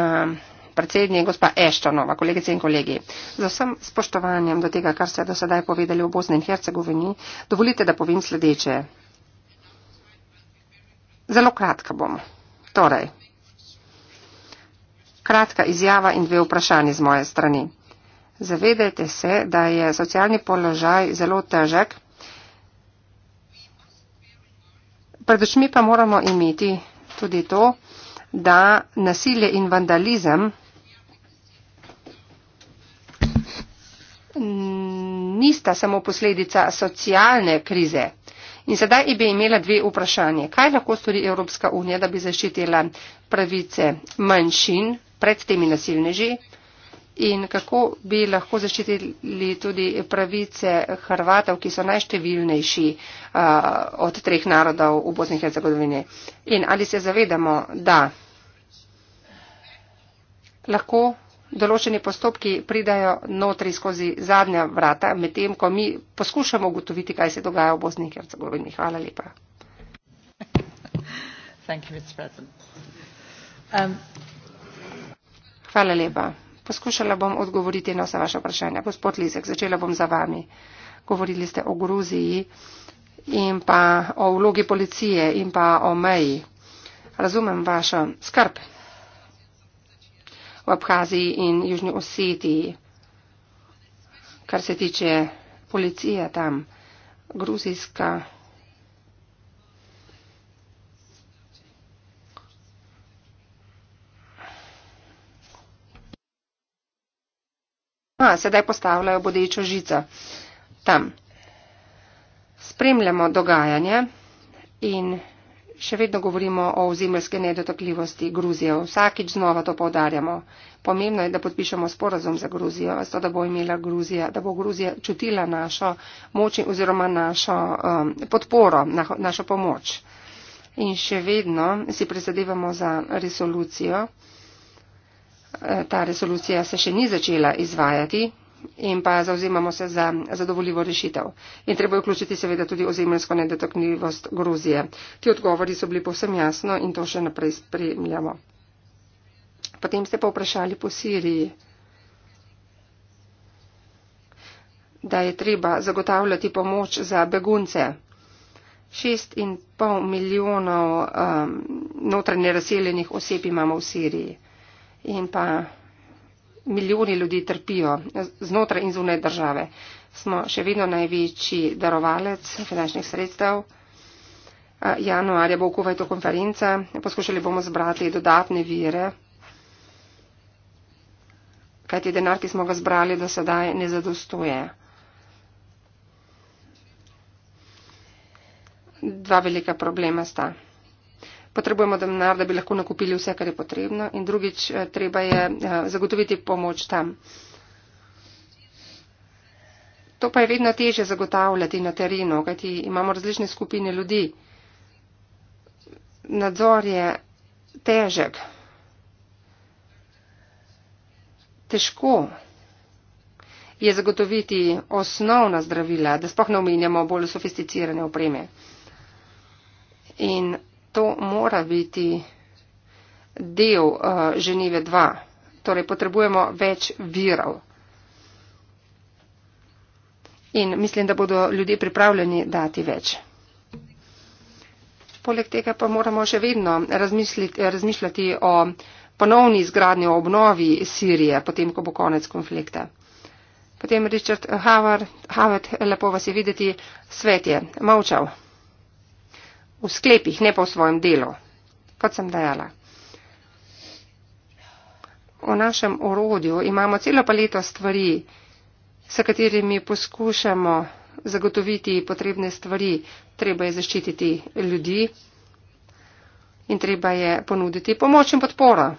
predsednik, gospa Eštonova, kolegice in kolegi. Z vsem spoštovanjem do tega, kar ste do sedaj povedali v Bosni in Hercegovini, dovolite, da povem sledeče. Zelo kratka bom. Torej, kratka izjava in dve vprašanje z moje strani. Zavedajte se, da je socialni položaj zelo težek. Pred očmi pa moramo imeti tudi to, da nasilje in vandalizem nista samo posledica socialne krize. In sedaj bi imela dve vprašanje. Kaj lahko stori Evropska unija, da bi zaščitila pravice manjšin pred temi nasilneži? In kako bi lahko zaščitili tudi pravice Hrvatov, ki so najštevilnejši uh, od treh narodov v Bosni in Hercegovini? In ali se zavedamo, da lahko določeni postopki pridajo notri skozi zadnja vrata, medtem ko mi poskušamo ugotoviti, kaj se dogaja v Bosni in Hercegovini. Hvala lepa. Um, Hvala lepa. Poskušala bom odgovoriti na vse vaše vprašanja. Gospod Lizek, začela bom za vami. Govorili ste o Gruziji in pa o vlogi policije in pa o meji. Razumem vašo skrb v Abhaziji in Južni Osetiji, kar se tiče policije tam, gruzijska. A, sedaj postavljajo bodečo žico tam. Spremljamo dogajanje in še vedno govorimo o ozemeljske nedotakljivosti Gruzije. Vsakič znova to povdarjamo. Pomembno je, da podpišemo sporazum za Gruzijo, zato da bo imela Gruzija, da bo Gruzija čutila našo moč oziroma našo um, podporo, na, našo pomoč. In še vedno si prizadevamo za resolucijo. E, ta resolucija se še ni začela izvajati in pa zauzemamo se za zadovoljivo rešitev. In treba je vključiti seveda tudi ozemljsko nedotoknivost Gruzije. Ti odgovori so bili povsem jasno in to še naprej spremljamo. Potem ste pa vprašali po Siriji, da je treba zagotavljati pomoč za begunce. Šest in pol milijonov um, notranje razseljenih oseb imamo v Siriji. In pa milijoni ljudi trpijo znotraj in zunaj države. Smo še vedno največji darovalec finančnih sredstev. Januarja bo v Kuwaitu konferenca. Poskušali bomo zbrati dodatne vire. Kaj ti denar, ki smo ga zbrali, do sedaj ne zadostuje. Dva velika problema sta potrebujemo denar, da bi lahko nakupili vse, kar je potrebno in drugič eh, treba je eh, zagotoviti pomoč tam. To pa je vedno teže zagotavljati na terenu, kajti imamo različne skupine ljudi. Nadzor je težek. Težko je zagotoviti osnovna zdravila, da spohnemo in imamo bolj sofisticirane opreme. In to mora biti del uh, Ženeve 2. Torej, potrebujemo več virov. In mislim, da bodo ljudje pripravljeni dati več. Poleg tega pa moramo še vedno razmišljati o ponovni izgradnji, o obnovi Sirije, potem, ko bo konec konflikta. Potem Richard Howard, Howard lepo vas je videti, svet je, maučal v sklepih, ne pa v svojem delu, kot sem dejala. V našem orodju imamo celo paleto stvari, s katerimi poskušamo zagotoviti potrebne stvari. Treba je zaščititi ljudi in treba je ponuditi pomoč in podporo.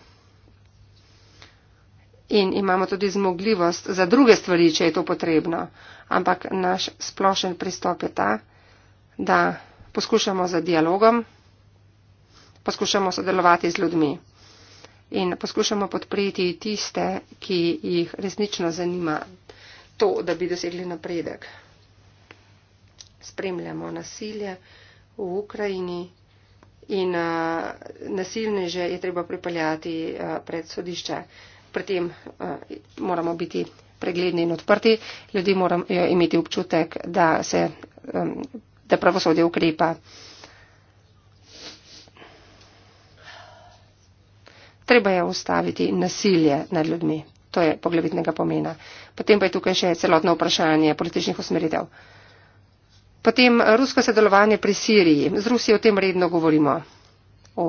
In imamo tudi zmogljivost za druge stvari, če je to potrebno. Ampak naš splošen pristop je ta, da poskušamo z dialogom, poskušamo sodelovati z ljudmi in poskušamo podpreti tiste, ki jih resnično zanima to, da bi dosegli napredek. Spremljamo nasilje v Ukrajini in eh, nasilneže je treba pripeljati eh, pred sodišče. Pri tem eh, moramo biti pregledni in odprti. Ljudje moramo imeti občutek, da se da pravosodje ukrepa. Treba je ustaviti nasilje nad ljudmi. To je poglavitnega pomena. Potem pa je tukaj še celotno vprašanje političnih usmeritev. Potem rusko sodelovanje pri Siriji. Z Rusijo o tem redno govorimo. O,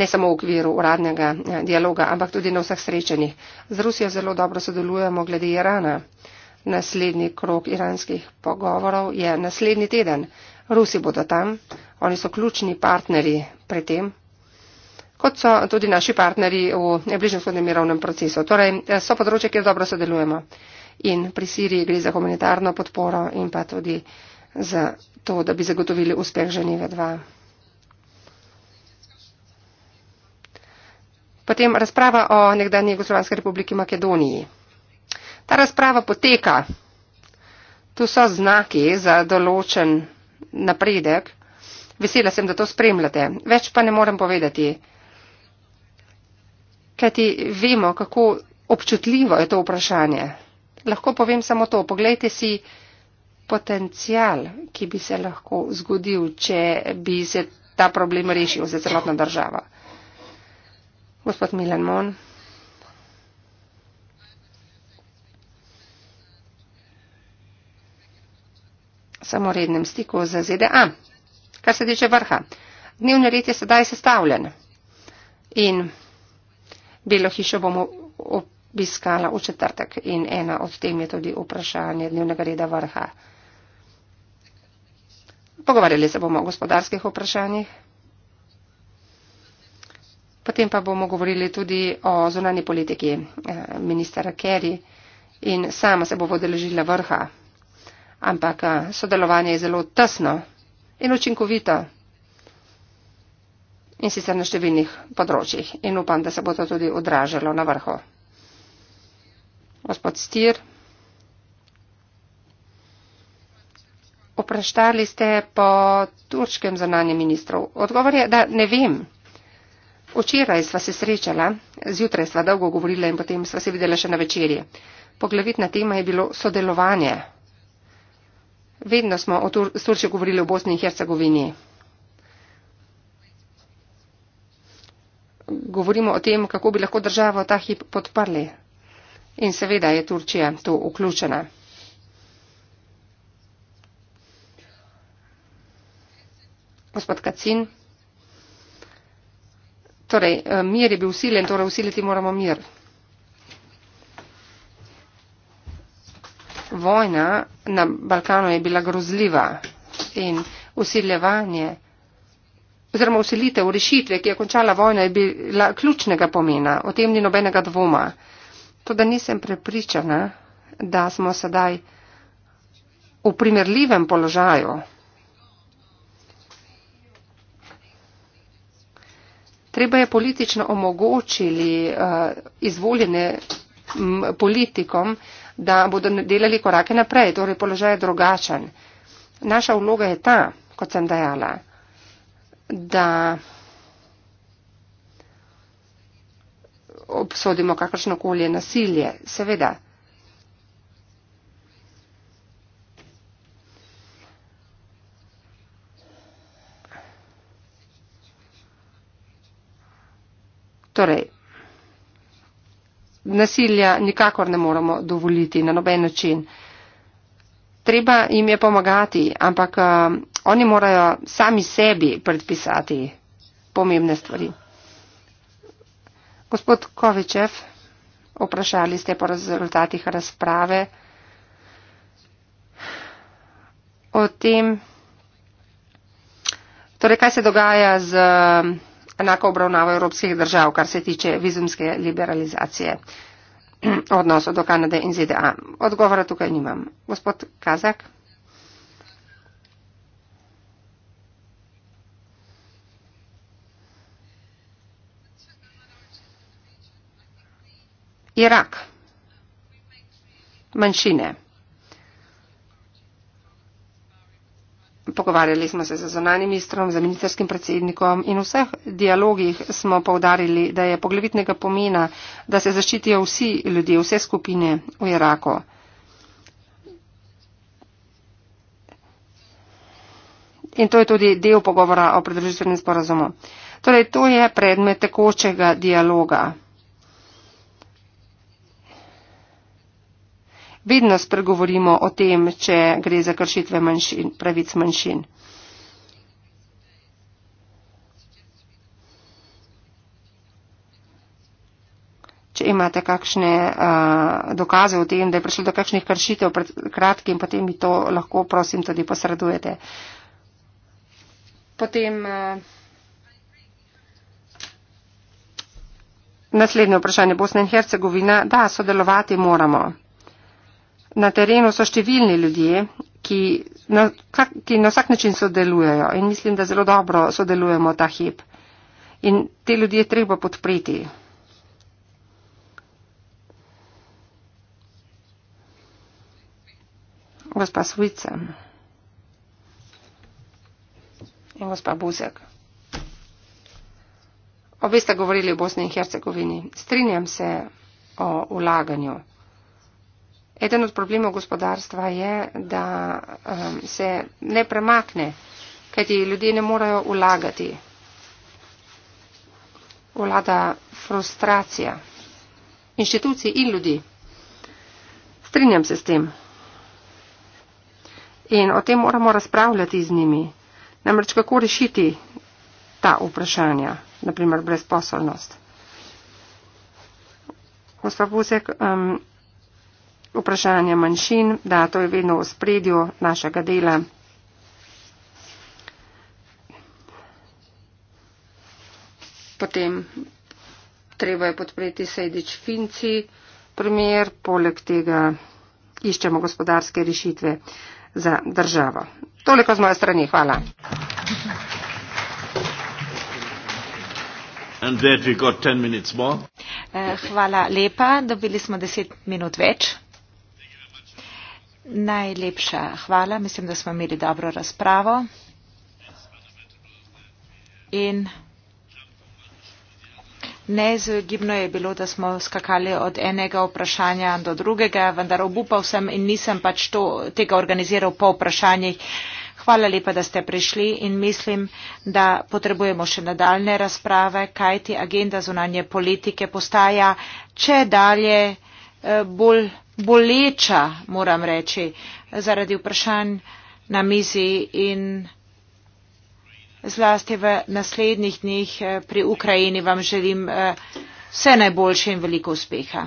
ne samo v okviru uradnega eh, dialoga, ampak tudi na vseh srečanjih. Z Rusijo zelo dobro sodelujemo glede Irana naslednji krok iranskih pogovorov je naslednji teden. Rusi bodo tam, oni so ključni partnerji pri tem, kot so tudi naši partnerji v bližnjem vzhodnem mirovnem procesu. Torej so področje, kjer dobro sodelujemo. In pri Siriji gre za humanitarno podporo in pa tudi za to, da bi zagotovili uspeh Ženeve 2. Potem razprava o nekdanji Jugoslovanski republiki Makedoniji. Ta razprava poteka. Tu so znaki za določen napredek. Vesela sem, da to spremljate. Več pa ne morem povedati. Ker ti vemo, kako občutljivo je to vprašanje. Lahko povem samo to. Poglejte si potencial, ki bi se lahko zgodil, če bi se ta problem rešil za celotno državo. Gospod Milan Mon. samo rednem stiku z ZDA. Kar se tiče vrha, dnevni red je sedaj sestavljen in Belo hišo bomo obiskala v četrtek in ena od tem je tudi vprašanje dnevnega reda vrha. Pogovarjali se bomo o gospodarskih vprašanjih. Potem pa bomo govorili tudi o zunanji politiki eh, ministra Kerry in sama se bo vodeležila vrha ampak sodelovanje je zelo tesno in učinkovito in sicer na številnih področjih in upam, da se bo to tudi odražalo na vrhu. Gospod Stir, vprašali ste po turškem zunanjem ministru. Odgovor je, da ne vem. Včeraj sva se srečala, zjutraj sva dolgo govorila in potem sva se videla še na večerji. Poglavitna tema je bilo sodelovanje. Vedno smo o Turčiji govorili v Bosni in Hercegovini. Govorimo o tem, kako bi lahko državo ta hip podprli. In seveda je Turčija tu vključena. Gospod Kacin, torej eh, mir je bil usilen, torej usiliti moramo mir. Vojna na Balkanu je bila grozljiva in usiljevanje oziroma usilitev rešitve, ki je končala vojno, je bila ključnega pomena. O tem ni nobenega dvoma. To, da nisem prepričana, da smo sedaj v primerljivem položaju. Treba je politično omogočili uh, izvoljene politikom, uh, da bodo delali korake naprej, torej položaj je drugačen. Naša vloga je ta, kot sem dejala, da obsodimo kakršno koli nasilje, seveda. Torej, nasilja nikakor ne moremo dovoliti na noben način. Treba jim je pomagati, ampak um, oni morajo sami sebi predpisati pomembne stvari. Gospod Kovičev, vprašali ste po rezultatih razprave o tem, torej kaj se dogaja z. Um, enako obravnavo evropskih držav, kar se tiče vizumske liberalizacije odnosov do Kanade in ZDA. Odgovora tukaj nimam. Gospod Kazak. Irak. Manjšine. Pogovarjali smo se z zonanim ministrom, z ministerskim predsednikom in v vseh dialogih smo povdarili, da je poglavitnega pomena, da se zaščitijo vsi ljudje, vse skupine v Iraku. In to je tudi del pogovora o predružitvenem sporazumu. Torej, to je predmet tekočega dialoga. vedno spregovorimo o tem, če gre za kršitve manjšin, pravic manjšin. Če imate kakšne uh, dokaze o tem, da je prišlo do kakšnih kršitev pred kratkim, potem mi to lahko, prosim, tudi posredujete. Potem uh, naslednje vprašanje. Bosna in Hercegovina, da, sodelovati moramo. Na terenu so številni ljudje, ki na, kak, ki na vsak način sodelujejo in mislim, da zelo dobro sodelujemo ta hip. In te ljudje treba podpreti. Gospa Svica in gospa Buzek. Obe ste govorili o Bosni in Hercegovini. Strinjam se o ulaganju. Eden od problemov gospodarstva je, da um, se ne premakne, kajti ljudje ne morejo ulagati. Vlada frustracija inštitucij in ljudi. Strinjam se s tem. In o tem moramo razpravljati z njimi. Namreč kako rešiti ta vprašanja, naprimer brezposobnost. Gospod Buzek, um, vprašanja manjšin, da to je vedno v spredju našega dela. Potem treba je podpreti Sejdič Finci, primer, poleg tega iščemo gospodarske rešitve za državo. Toliko z moje strani, hvala. Eh, hvala lepa, dobili smo deset minut več. Najlepša hvala. Mislim, da smo imeli dobro razpravo. In neizogibno je bilo, da smo skakali od enega vprašanja do drugega, vendar obupal sem in nisem pač to, tega organiziral po vprašanjih. Hvala lepa, da ste prišli in mislim, da potrebujemo še nadaljne razprave, kajti agenda zunanje politike postaja, če dalje, eh, bolj boleča, moram reči, zaradi vprašanj na mizi in zlasti v naslednjih dneh eh, pri Ukrajini vam želim eh, vse najboljše in veliko uspeha.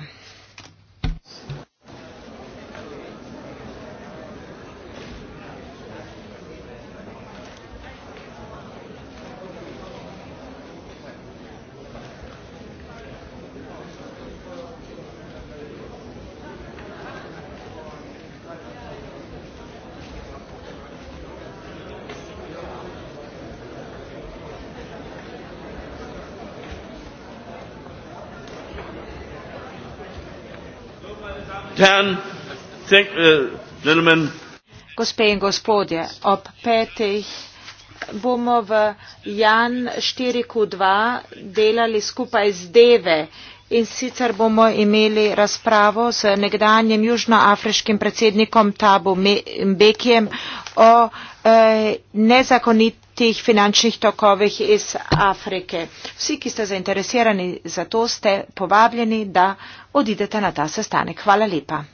Uh, Gospe in gospodje, ob petih bomo v Jan 4.2 delali skupaj z Deve in sicer bomo imeli razpravo z nekdanjem južnoafriškim predsednikom Tabu Mbekijem o eh, nezakonit teh finančnih tokovih iz Afrike. Vsi, ki ste zainteresirani za to, ste povabljeni, da odidete na ta sestanek. Hvala lepa.